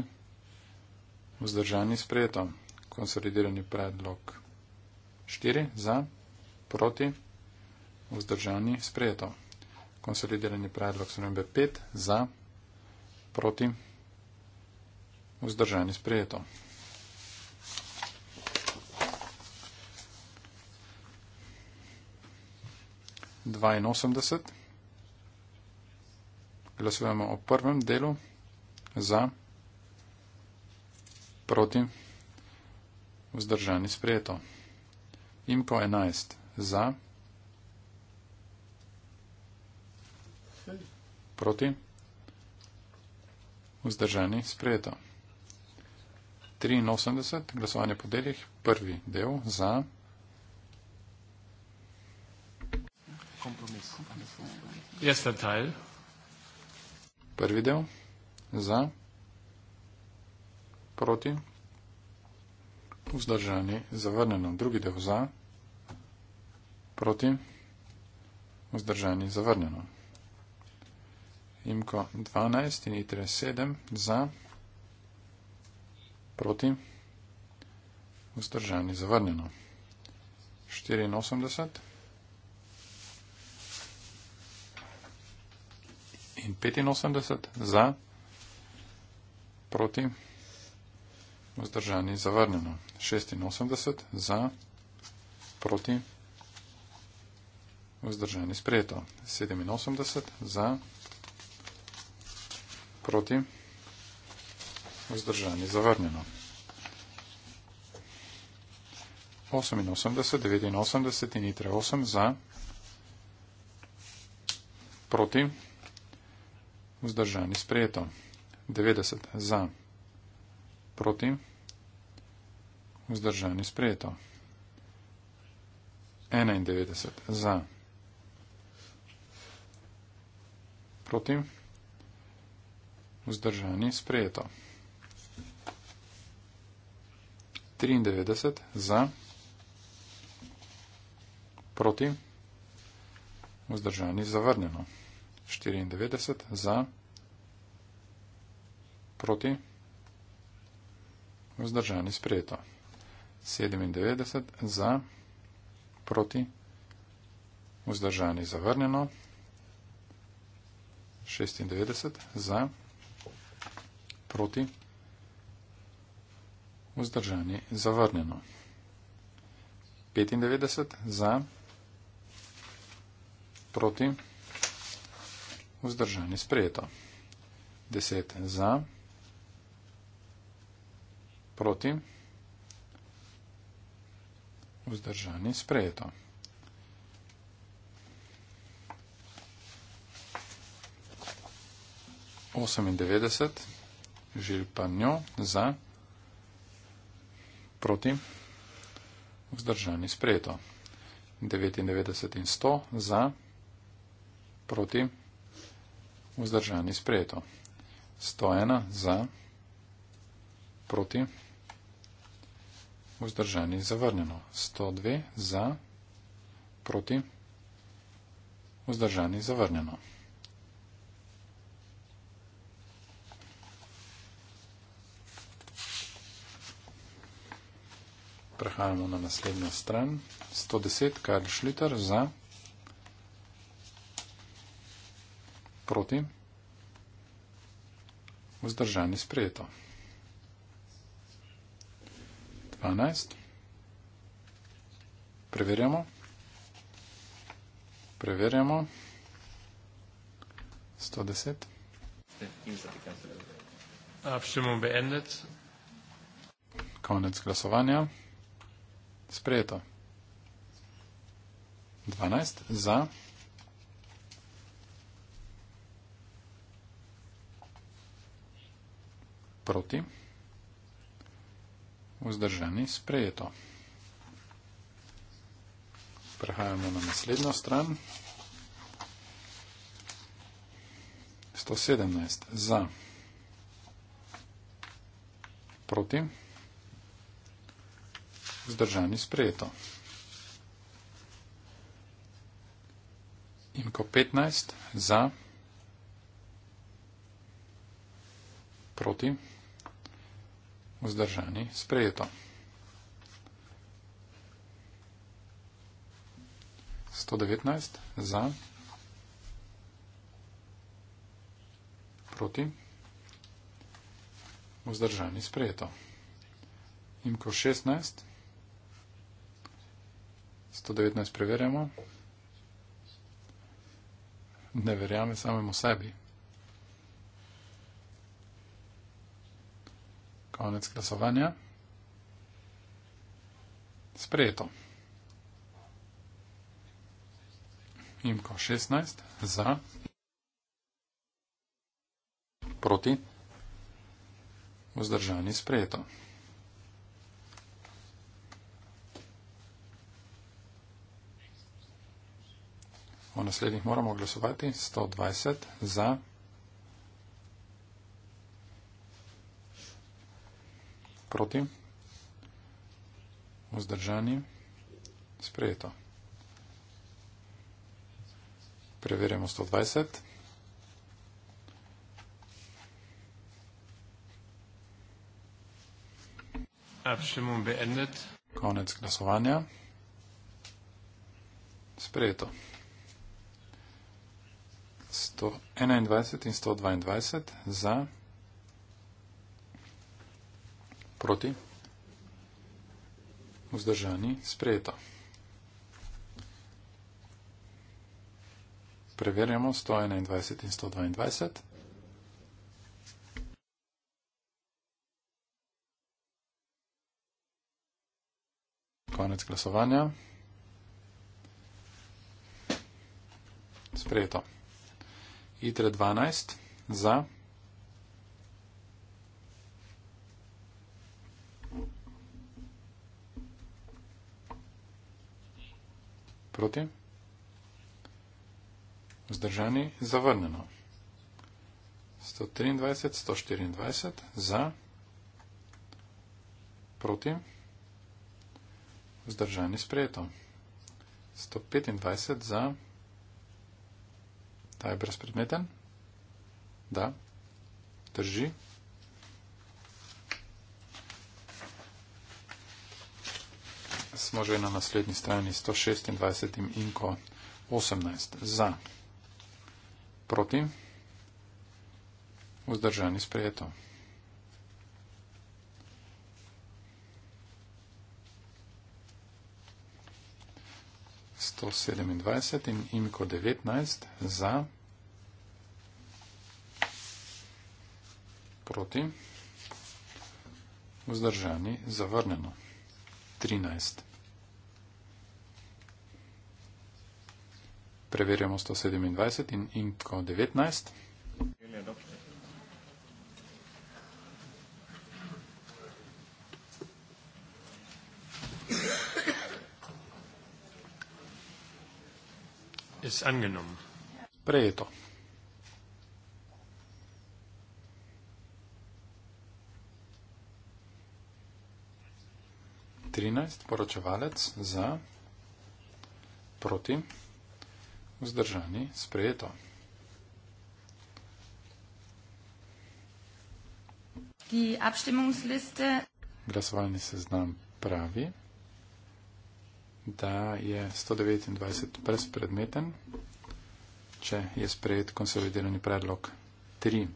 vzdržani sprejeto, konsolidirani predlog 4 za, proti, vzdržani sprejeto, konsolidirani predlog spremembe 5 za, proti, vzdržani sprejeto. 82. Glasujemo o prvem delu za, proti, vzdržani sprejeto. Imko 11 za, proti, vzdržani sprejeto. 83. Glasovanje po delih. Prvi del za. Erster Teil. Prvi del. Za. Proti. Vzdržani. Zavrnjeno. Drugi del. Za. Proti. Vzdržani. Zavrnjeno. Imko 12 in itre 7. Za. Proti. Vzdržani. Zavrnjeno. 84. in 85 za, proti, vzdržani zavrnjeno. 86 za, proti, vzdržani sprejeto. 87 za, proti, vzdržani zavrnjeno. 88, 89 in itre 8 za, proti, vzdržani zavrnjeno vzdržani sprejeto. 90 za, proti, vzdržani sprejeto. 91 za, proti, vzdržani sprejeto. 93 za, proti, vzdržani zavrnjeno. 94 za, proti, vzdržani sprejeto. 97 za, proti, vzdržani zavrnjeno. 96 za, proti, vzdržani zavrnjeno. 95 za, proti, vzdržani zavrnjeno vzdržanje sprejeto. 10 za, proti, vzdržanje sprejeto. Osemindevetdeset, žil pa njo za, proti, vzdržani sprejeto. Devetindevetdeset in sto za, proti, vzdržani sprejeto vzdržani sprejeto. Stojena za, proti, vzdržani zavrnjeno. 102 za, proti, vzdržani zavrnjeno. Prehajamo na naslednjo stran. 110 kar šliter za, proti. Proti? Vzdržanje sprejeto. 12. Preverjamo. Preverjamo. 110. Abstimmung beendet. Konec glasovanja. Sprejeto. 12 za. Proti. Vzdržani. Sprejeto. Prehajamo na naslednjo stran. 117. Za. Proti. Vzdržani. Sprejeto. In ko 15. Za. Proti. proti, vzdržani, sprejeto. 119 za, proti, vzdržani, sprejeto. Imko 16, 119 preverjamo, ne verjame samemu sebi. konec glasovanja. Sprejeto. Imko 16 za. Proti. Vzdržani sprejeto. O naslednjih moramo glasovati 120 za. proti, vzdržani, sprejeto. Preverjamo 120. Konec glasovanja. Sprejeto. 121 in 122 za. Proti? Vzdržani? Sprejeto. Preverjamo 121 in 122. Konec glasovanja. Sprejeto. ITRE 12 za. Proti? Vzdržani, zavrnjeno. 123, 124, za, proti, vzdržani, sprejeto. 125, za, ta je brezpredmeten, da, drži, smo že na naslednji strani 126 in ko 18 za, proti, vzdržani sprejeto. in imko 19 za proti vzdržani zavrnjeno 13 preverjamo 127 in Intko 19. Prejeto. Trinajst poročevalec za proti vzdržani, sprejeto. Die Abstimmungsliste. Glasovalni seznam pravi, da je 129 brezpredmeten, če je sprejet konsolidirani predlog 3.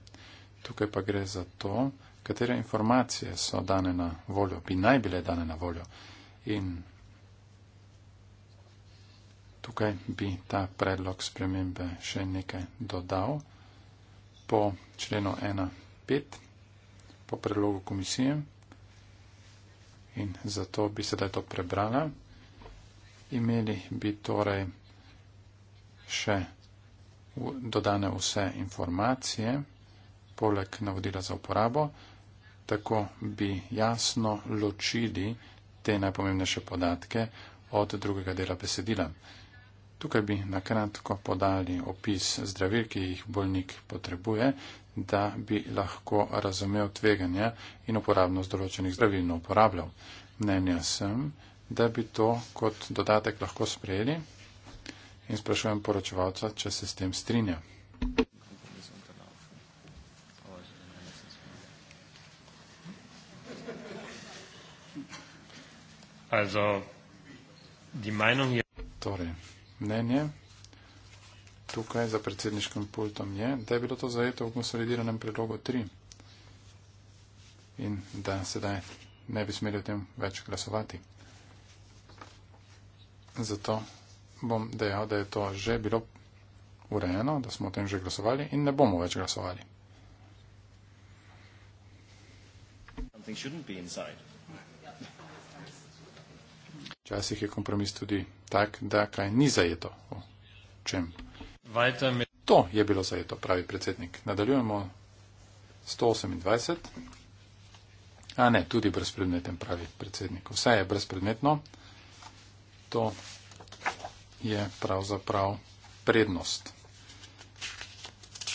Tukaj pa gre za to, katere informacije so dane na voljo, bi naj bile dane na voljo. In Tukaj bi ta predlog spremembe še nekaj dodal. Po členu 1.5, po predlogu komisije, in zato bi sedaj to prebrala, imeli bi torej še dodane vse informacije, poleg navodila za uporabo, tako bi jasno ločili te najpomembnejše podatke od drugega dela besedila. Tukaj bi na kratko podali opis zdravil, ki jih bolnik potrebuje, da bi lahko razumel tveganja in uporabnost določenih zdravil in no, uporabljal. Mnenja sem, da bi to kot dodatek lahko sprejeli in sprašujem poročevalca, če se s tem strinja. Also, die Meinung hier. Torre mnenje tukaj za predsedniškim pultom je, da je bilo to zajeto v konsolidiranem predlogu 3 in da sedaj ne bi smeli o tem več glasovati. Zato bom dejal, da je to že bilo urejeno, da smo o tem že glasovali in ne bomo več glasovali. Something shouldn't be inside. Včasih je kompromis tudi tak, da kaj ni zajeto. To je bilo zajeto, pravi predsednik. Nadaljujemo 128. A ne, tudi brezpredmeten, pravi predsednik. Vse je brezpredmetno. To je pravzaprav prednost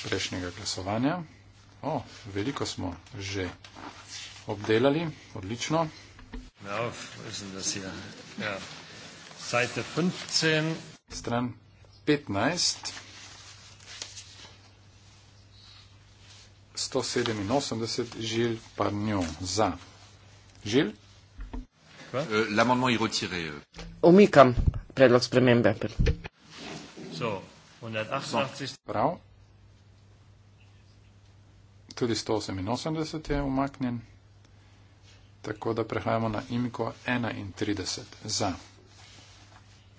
prejšnjega glasovanja. O, veliko smo že obdelali, odlično. Na, ja, wo ist denn das hier? Ja. Seite 15. Stram 15. 187, Gilles Parnion, za. Gilles euh, L'amendement est retiré. Euh. Omikam, prédoc spremembe. So, 188. Bravo. Tudi 188 est omaknen. Tako da prehajamo na imiko 31 za.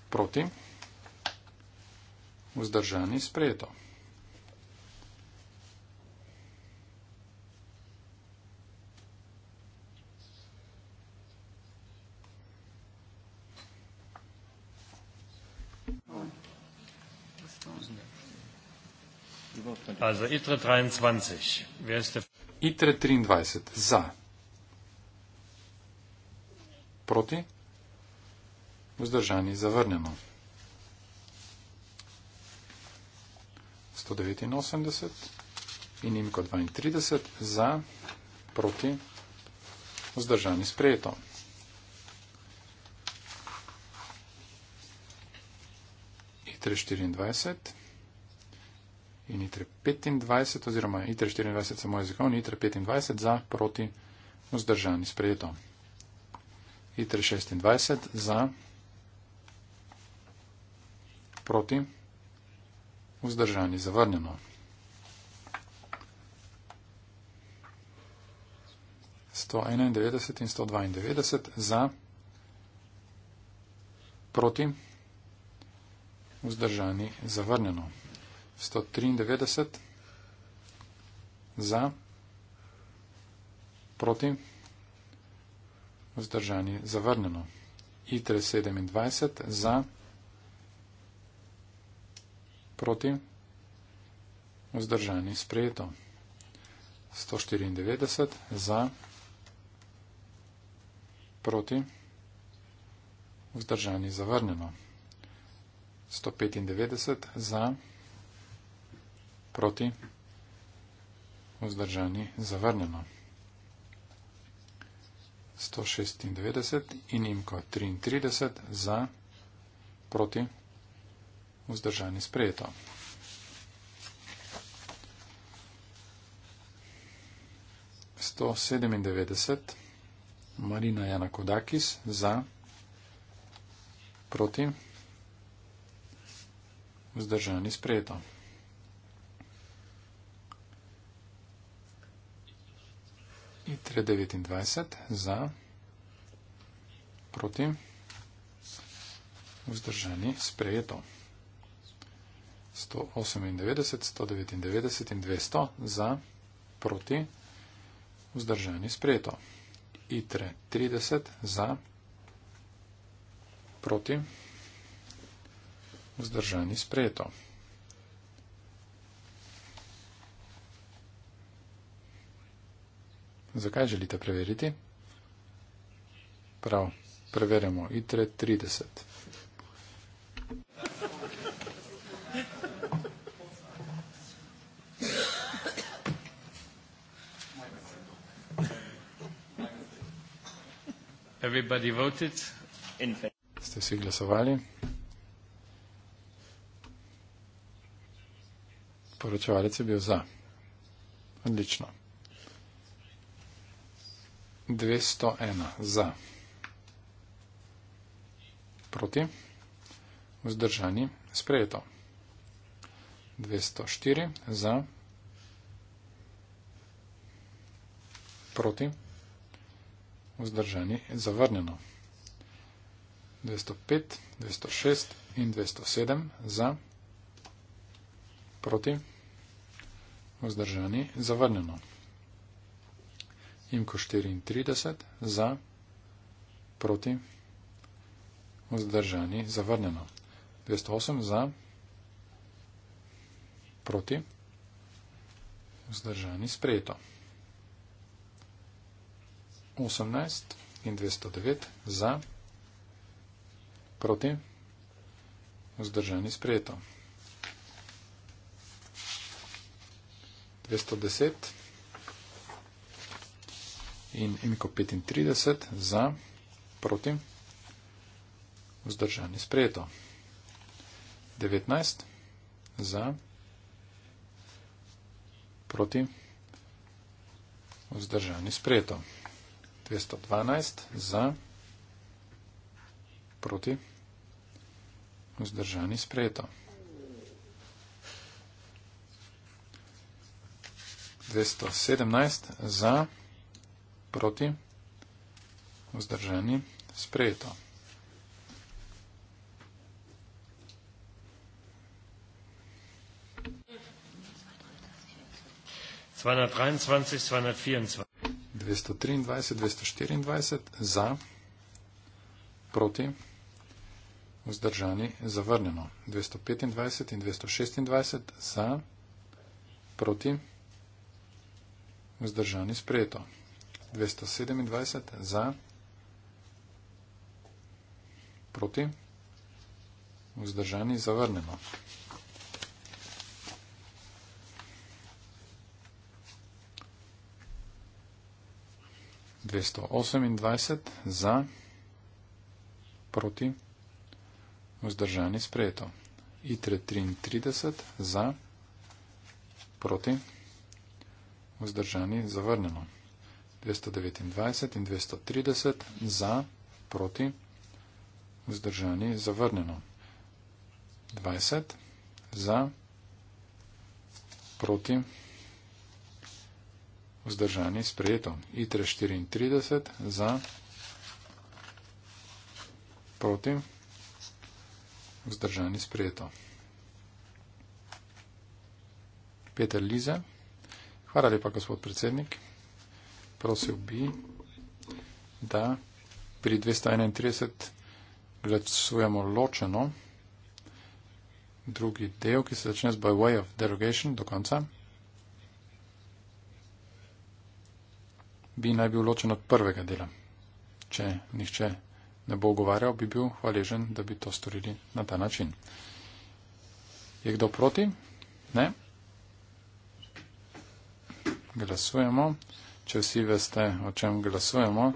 Proti. Vzdržani sprejeto. ITRE 23. ITRE 23 za proti, vzdržani zavrnjeno. 189 in imko 32 za, proti, vzdržani sprejeto. ITRE 24 in ITRE 25 oziroma ITRE 24 samo jezikovni, ITRE 25 za, proti, vzdržani sprejeto. ITR 26 za proti vzdržanje zavrnjeno. Sto enaindevetdeset in sto dvaindevetdeset za proti vzdržani zavrnjeno. Sto triindevetdeset za proti vzdržani zavrnjeno vzdržanje zavrnjeno. ITRE 27 za proti vzdržanje sprejeto. 194 za proti vzdržanje zavrnjeno. 195 za proti vzdržanje zavrnjeno. 196 in imko 33 za proti vzdržani sprejeto. Sto sedemindevetdeset Marina Janakodakis za proti vzdržani sprejeto. 3, 29 za, proti, vzdržani, sprejeto. 198, 199 in 200 za, proti, vzdržani, sprejeto. ITRE 30 za, proti, vzdržani, sprejeto. Zakaj želite preveriti? Prav, preverjamo ITRE 30. Everybody voted. Ste vsi glasovali? Poročevalec je bil za. Odlično. 201 za, proti, vzdržani, sprejeto. 204 za, proti, vzdržani, zavrnjeno. 205, 206 in 207 za, proti, vzdržani, zavrnjeno. Imko 34 za, proti, vzdržani, zavrnjeno. 208 za, proti, vzdržani, sprejeto. 18 in 209 za, proti, vzdržani, sprejeto. 210 za, proti, vzdržani, sprejeto in Emiko 35 za proti vzdržanje sprejeto. 19 za proti vzdržanje sprejeto. 212 za proti vzdržanje sprejeto. 217 za proti vzdržanje sprejeto. Proti? Vzdržani? Sprejeto. za, proti, vzdržani, zavrnjeno. 225 in 226 za, proti, vzdržani, sprejeto. 227 za, proti, vzdržani zavrnemo. Dvesto osemindvajset za, proti, vzdržani sprejeto. ITRE trintrideset za, proti, vzdržani zavrnemo. 229 in 230 za, proti, vzdržani, zavrnjeno. 20 za, proti, vzdržani, sprejeto. ITRE 34 za, proti, vzdržani, sprejeto. Peter Lize. Hvala lepa, gospod predsednik prosil bi, da pri 231 glasujemo ločeno drugi del, ki se začne z by way of derogation do konca. Bi naj bil ločen od prvega dela. Če nihče ne bo ogovarjal, bi bil hvaležen, da bi to storili na ta način. Je kdo proti? Ne. Glasujemo če vsi veste, o čem glasujemo.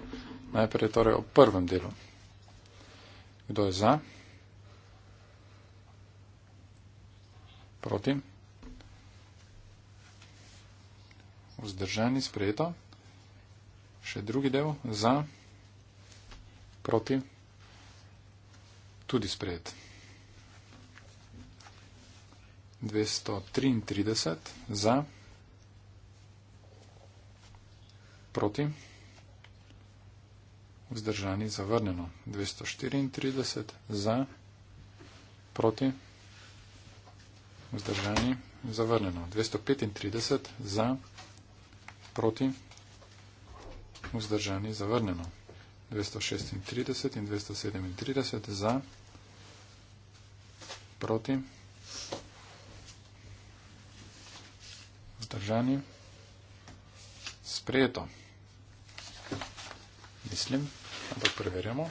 Najprej torej o prvem delu. Kdo je za? Proti? Vzdržani, sprejeto. Še drugi del? Za? Proti? Tudi sprejet. 233 za. proti, vzdržani zavrnjeno, 234 za, proti, vzdržani zavrnjeno, 235 za, proti, vzdržani zavrnjeno, 236 in 237 za, proti, vzdržani zavrnjeno sprejeto. Mislim, ampak preverjamo.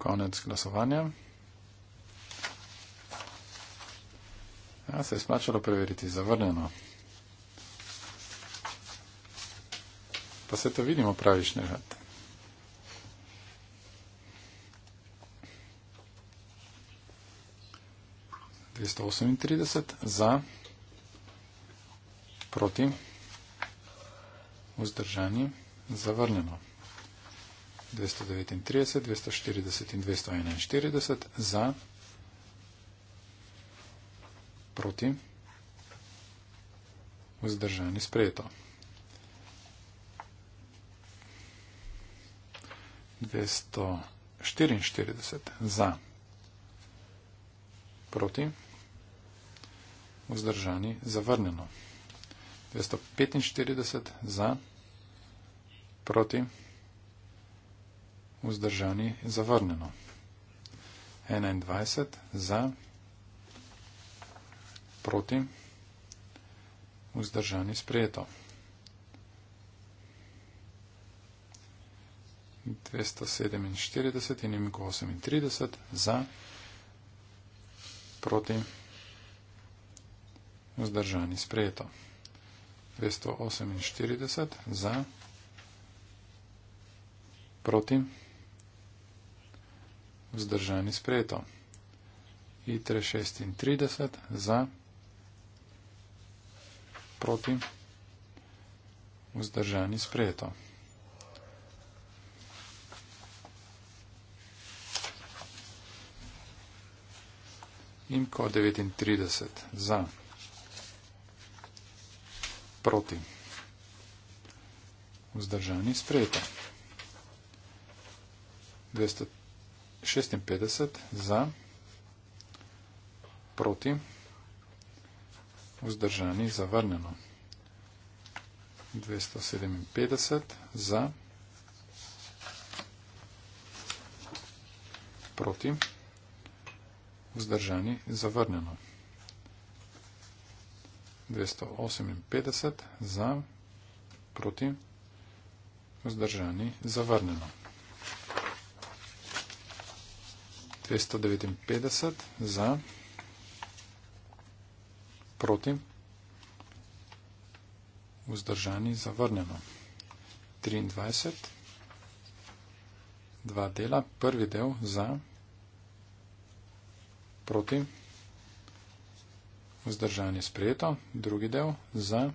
Konec glasovanja. Ja, se je splačalo preveriti, zavrnjeno. Pa se to vidimo, praviš, ne, gledaj. 238 za, proti, vzdržanje, zavrnjeno. 239, 240 in 241 za, proti, vzdržanje, sprejeto. 244 za, proti, vzdržanje, sprejeto vzdržani zavrnjeno. 245 za, proti, vzdržani zavrnjeno. 21 za, proti, vzdržani sprejeto. 247 in 38 za, proti, vzdržani zavrnjeno vzdržani sprejeto. 248 za, proti, vzdržani sprejeto. I336 za, proti, vzdržani sprejeto. In ko 39 za, proti, vzdržani sprejeto proti. Vzdržani sprejeta. 256 za, proti, vzdržani zavrneno. 257 za, proti, vzdržani zavrneno. 258 za, proti, vzdržani, zavrnjeno. 259 za, proti, vzdržani, zavrnjeno. 23, dva dela, prvi del za, proti, vzdržani, zavrnjeno. Zdržanje sprejeto. Drugi del. Za.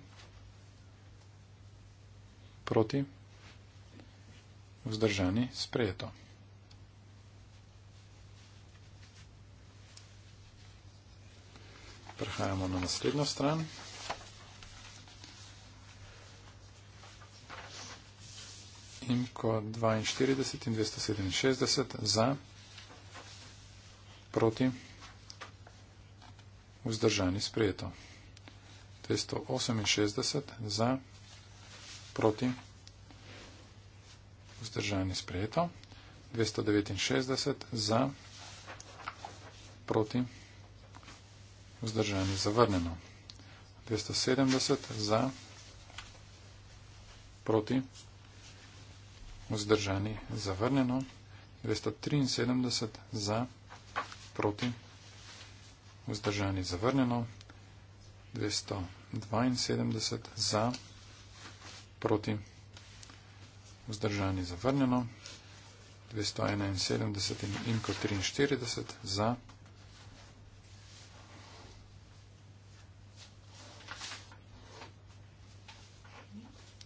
Proti. Vzdržani sprejeto. Prehajamo na naslednjo stran. In ko 42 in 267 za, proti vzdržani sprejeto. To je 168 za, proti, vzdržani sprejeto. 269 za, proti, vzdržani zavrneno. 270 za, proti, vzdržani zavrneno. 273 za, proti, vzdržani zavrneno vzdržani zavrnjeno, 272 za, proti, vzdržani zavrnjeno, 271 in inko 43 za,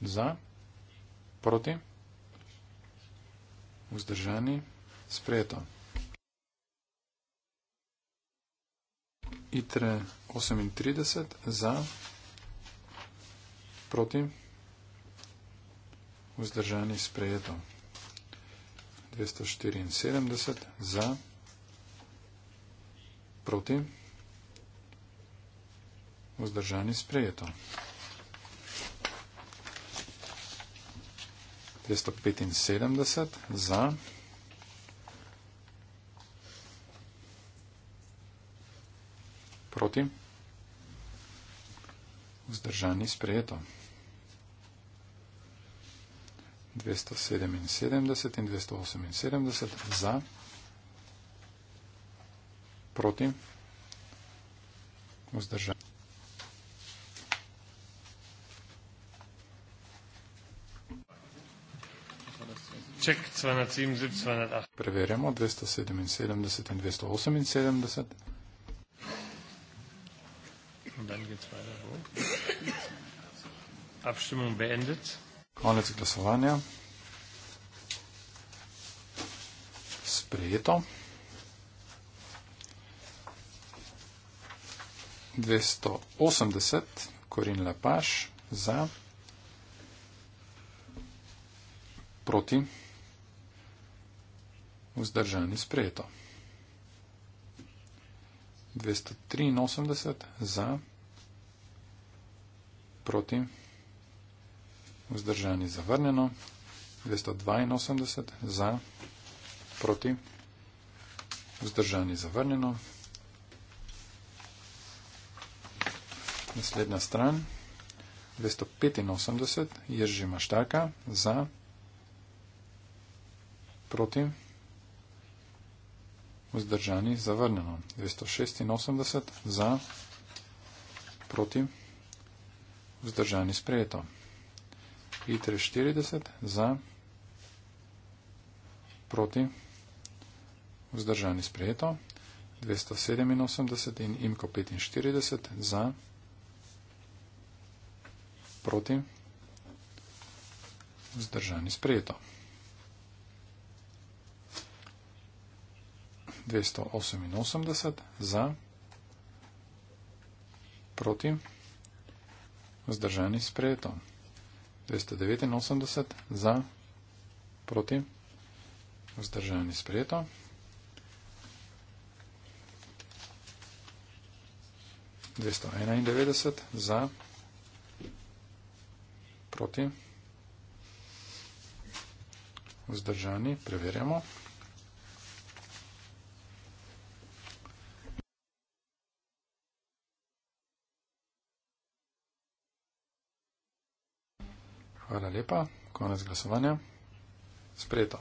za, proti, vzdržani, sprejeto. ITRE 38 za, proti, vzdržani sprejeto 274 za, proti, vzdržani sprejeto 275 za, proti, proti? Vzdržani sprejeto. 277 in 278 za. Proti? Vzdržani. Ček, cvanacim, zid, cvanada. Preverjamo 277 in 278. Und dann geht's weiter. Wo? Abstimmung beendet. Konec glasovanja. Sprejeto. 280, Korin Lepaš za, proti, vzdržani sprejeto. 283 za proti, vzdržani zavrnjeno, 282 za, proti, vzdržani zavrnjeno. Naslednja stran, 285, Jerži Maštaka, za, proti, vzdržani zavrnjeno, 286 za, proti, vzdržani zavrnjeno vzdržani sprejeto. ITR 40 za, proti, vzdržani sprejeto. 287 in IMKO 45 za, proti, vzdržani sprejeto. 288 za, proti, vzdržani sprejeto vzdržani sprejeto. 289 za, proti, vzdržani sprejeto. Dvesto enaindevetdeset za, proti, vzdržani, preverjamo. Hvala lepa. Konec glasovanja. Spreto.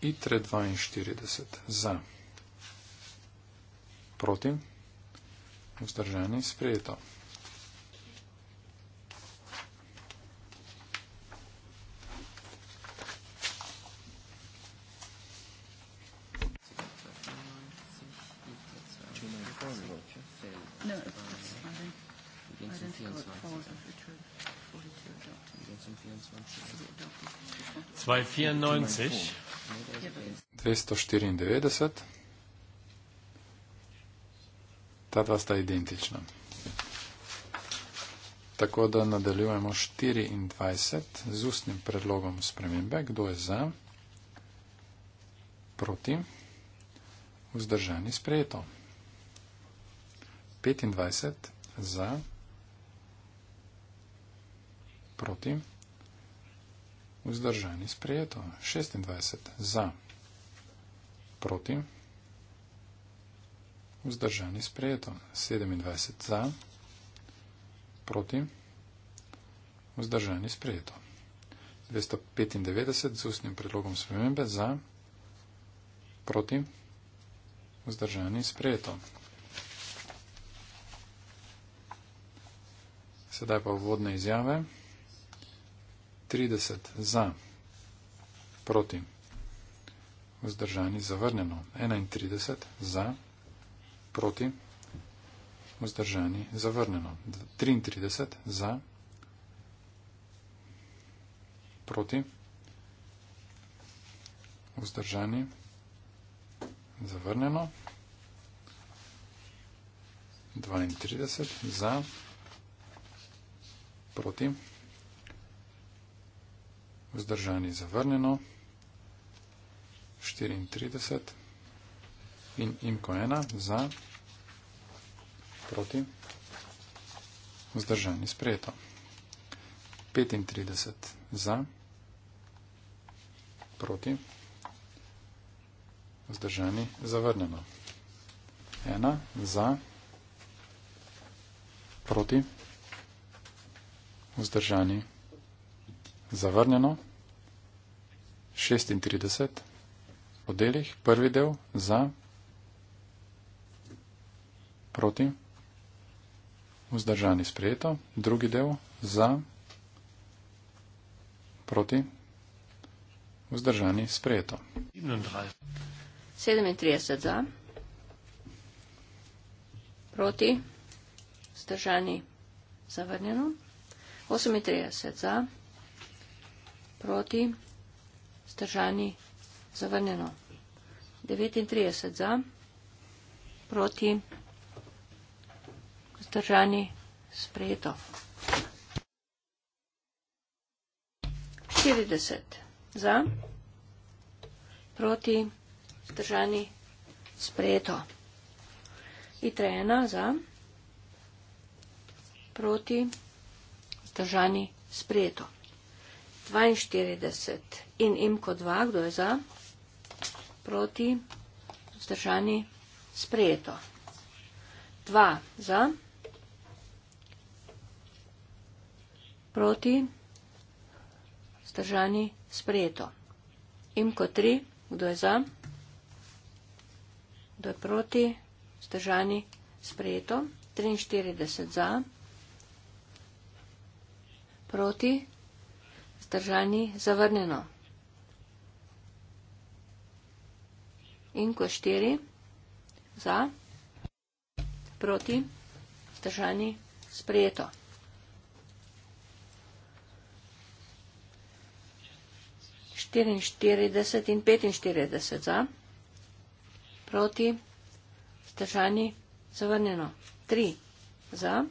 ITRE 42 za. Proti. Vzdržani. Spreto. torture. No, it's Zwei vierundneunzig. Dvesto sta identična. Tako da nadaljujemo 24 z ustnim predlogom spremembe. Kdo je za? Proti? Vzdržani sprejeto. 25 za, proti, vzdržani sprejeto, 26 za, proti, vzdržani sprejeto, 27 za, proti, vzdržani sprejeto, 295 z ustnim predlogom spremembe za, proti, vzdržani sprejeto. Sedaj pa vodne izjave. 30 za, proti, vzdržani zavrnjeno. 31 za, proti, vzdržani zavrnjeno. 33 za, proti, vzdržani zavrnjeno. 32 za, proti proti, vzdržani zavrnjeno, 34 in imko 1 za, proti, vzdržani sprejeto, 35 za, proti, vzdržani zavrnjeno, 1 za, proti, proti, vzdržani, zavrnjeno, 36 v delih, prvi del za, proti, vzdržani sprejeto, drugi del za, proti, vzdržani sprejeto. 37 za, proti, vzdržani zavrnjeno. 38 za, proti, stržani, zavrnjeno. 39 za, proti, stržani, sprejeto. 40 za, proti, stržani, sprejeto. Itre 1 za, proti, stržani, sprejeto vzdržani sprejeto. 42 in imko 2, kdo je za, proti, vzdržani sprejeto. 2 za, proti, vzdržani sprejeto. Imko 3, kdo je za, kdo je proti, vzdržani sprejeto. 43 za, proti, zdržani, zavrnjeno. In ko štiri, za, proti, zdržani, sprejeto. Štiriinštirideset in petinštirideset za, proti, zdržani, zavrnjeno. Tri, za,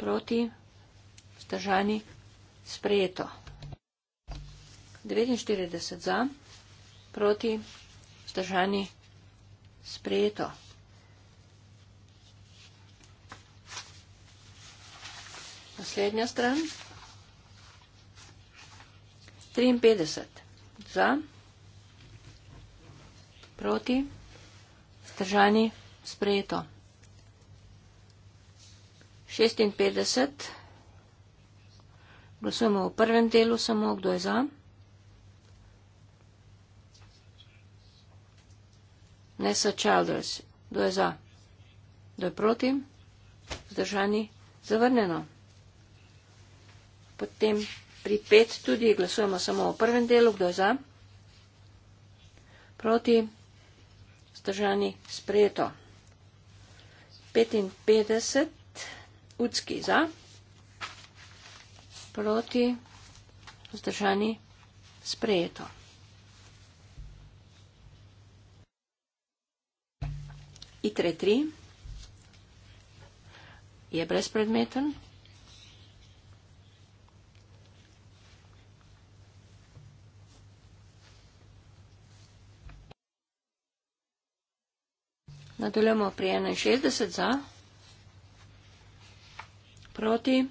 proti, zdržani vzdržani, sprejeto. 49 za, proti, vzdržani, sprejeto. Naslednja stran. 53 za, proti, vzdržani, sprejeto. 56 za. Glasujemo v prvem delu samo, kdo je za. Nessa Childers, kdo je za? Kdo je proti? Zdržani? Zavrneno. Potem pri pet tudi glasujemo samo v prvem delu, kdo je za? Proti? Zdržani? Sprejeto. 55. Ucki za proti, vzdržani, sprejeto. ITRE 3 je brezpredmeten. Nadaljujemo pri 61 za, proti,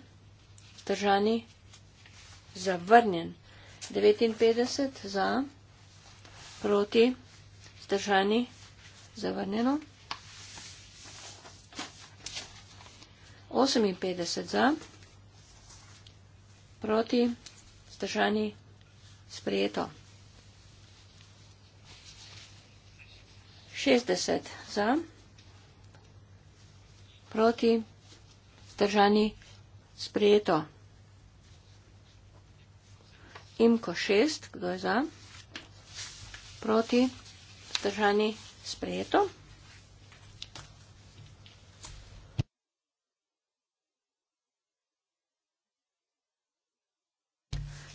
vzdržani, zavrnjen. 59 za, proti, zdržani, zavrnjeno. 58 za, proti, zdržani, sprejeto. 60 za, proti, zdržani, sprejeto. 61 za, proti, zdržani, sprejeto. Imko 6, kdo je za? Proti, zdržani, sprejeto.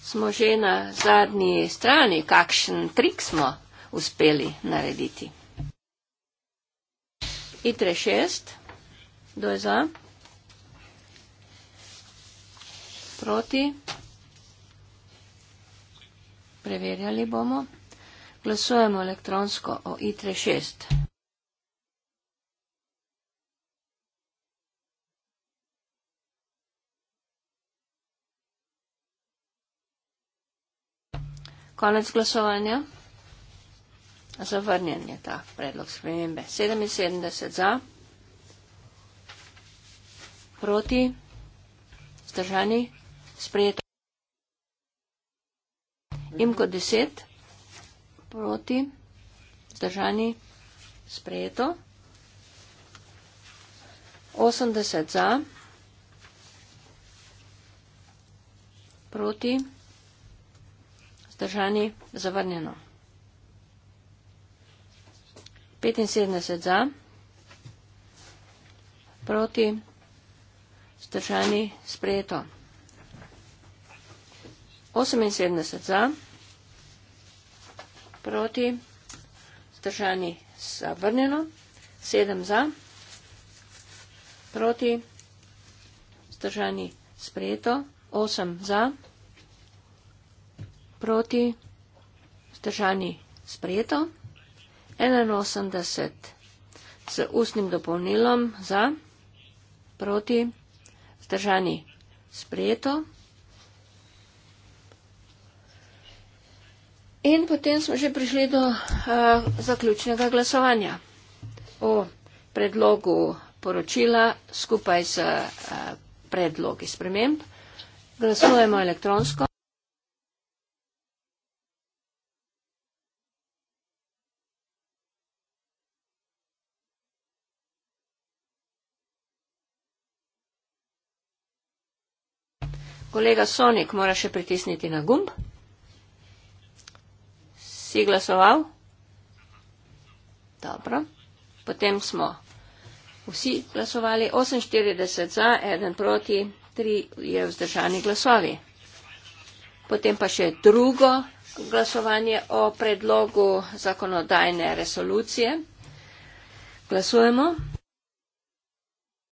Smo že na zadnji strani, kakšen trik smo uspeli narediti. Itre 6, kdo je za? Proti, Preverjali bomo. Glasujemo elektronsko o ITRE 6. Konec glasovanja. Zavrnjen je ta predlog spremembe. 77 za, proti, zdržani, sprejeto. Imko 10 proti zdržani sprejeto. 80 za proti zdržani zavrnjeno. 75 za proti zdržani sprejeto. 78 za proti zdržani sprejeto proti, zdržani zavrnjeno, 7 za, proti, zdržani sprejeto, 8 za, proti, zdržani sprejeto, 81 z ustnim dopolnilom za, proti, zdržani sprejeto. In potem smo že prišli do uh, zaključnega glasovanja o predlogu poročila skupaj z uh, predlogi sprememb. Glasujemo elektronsko. Kolega Sonik mora še pritisniti na gumb si glasoval? Dobro. Potem smo vsi glasovali 48 za, 1 proti, 3 je vzdržani glasovi. Potem pa še drugo glasovanje o predlogu zakonodajne resolucije. Glasujemo.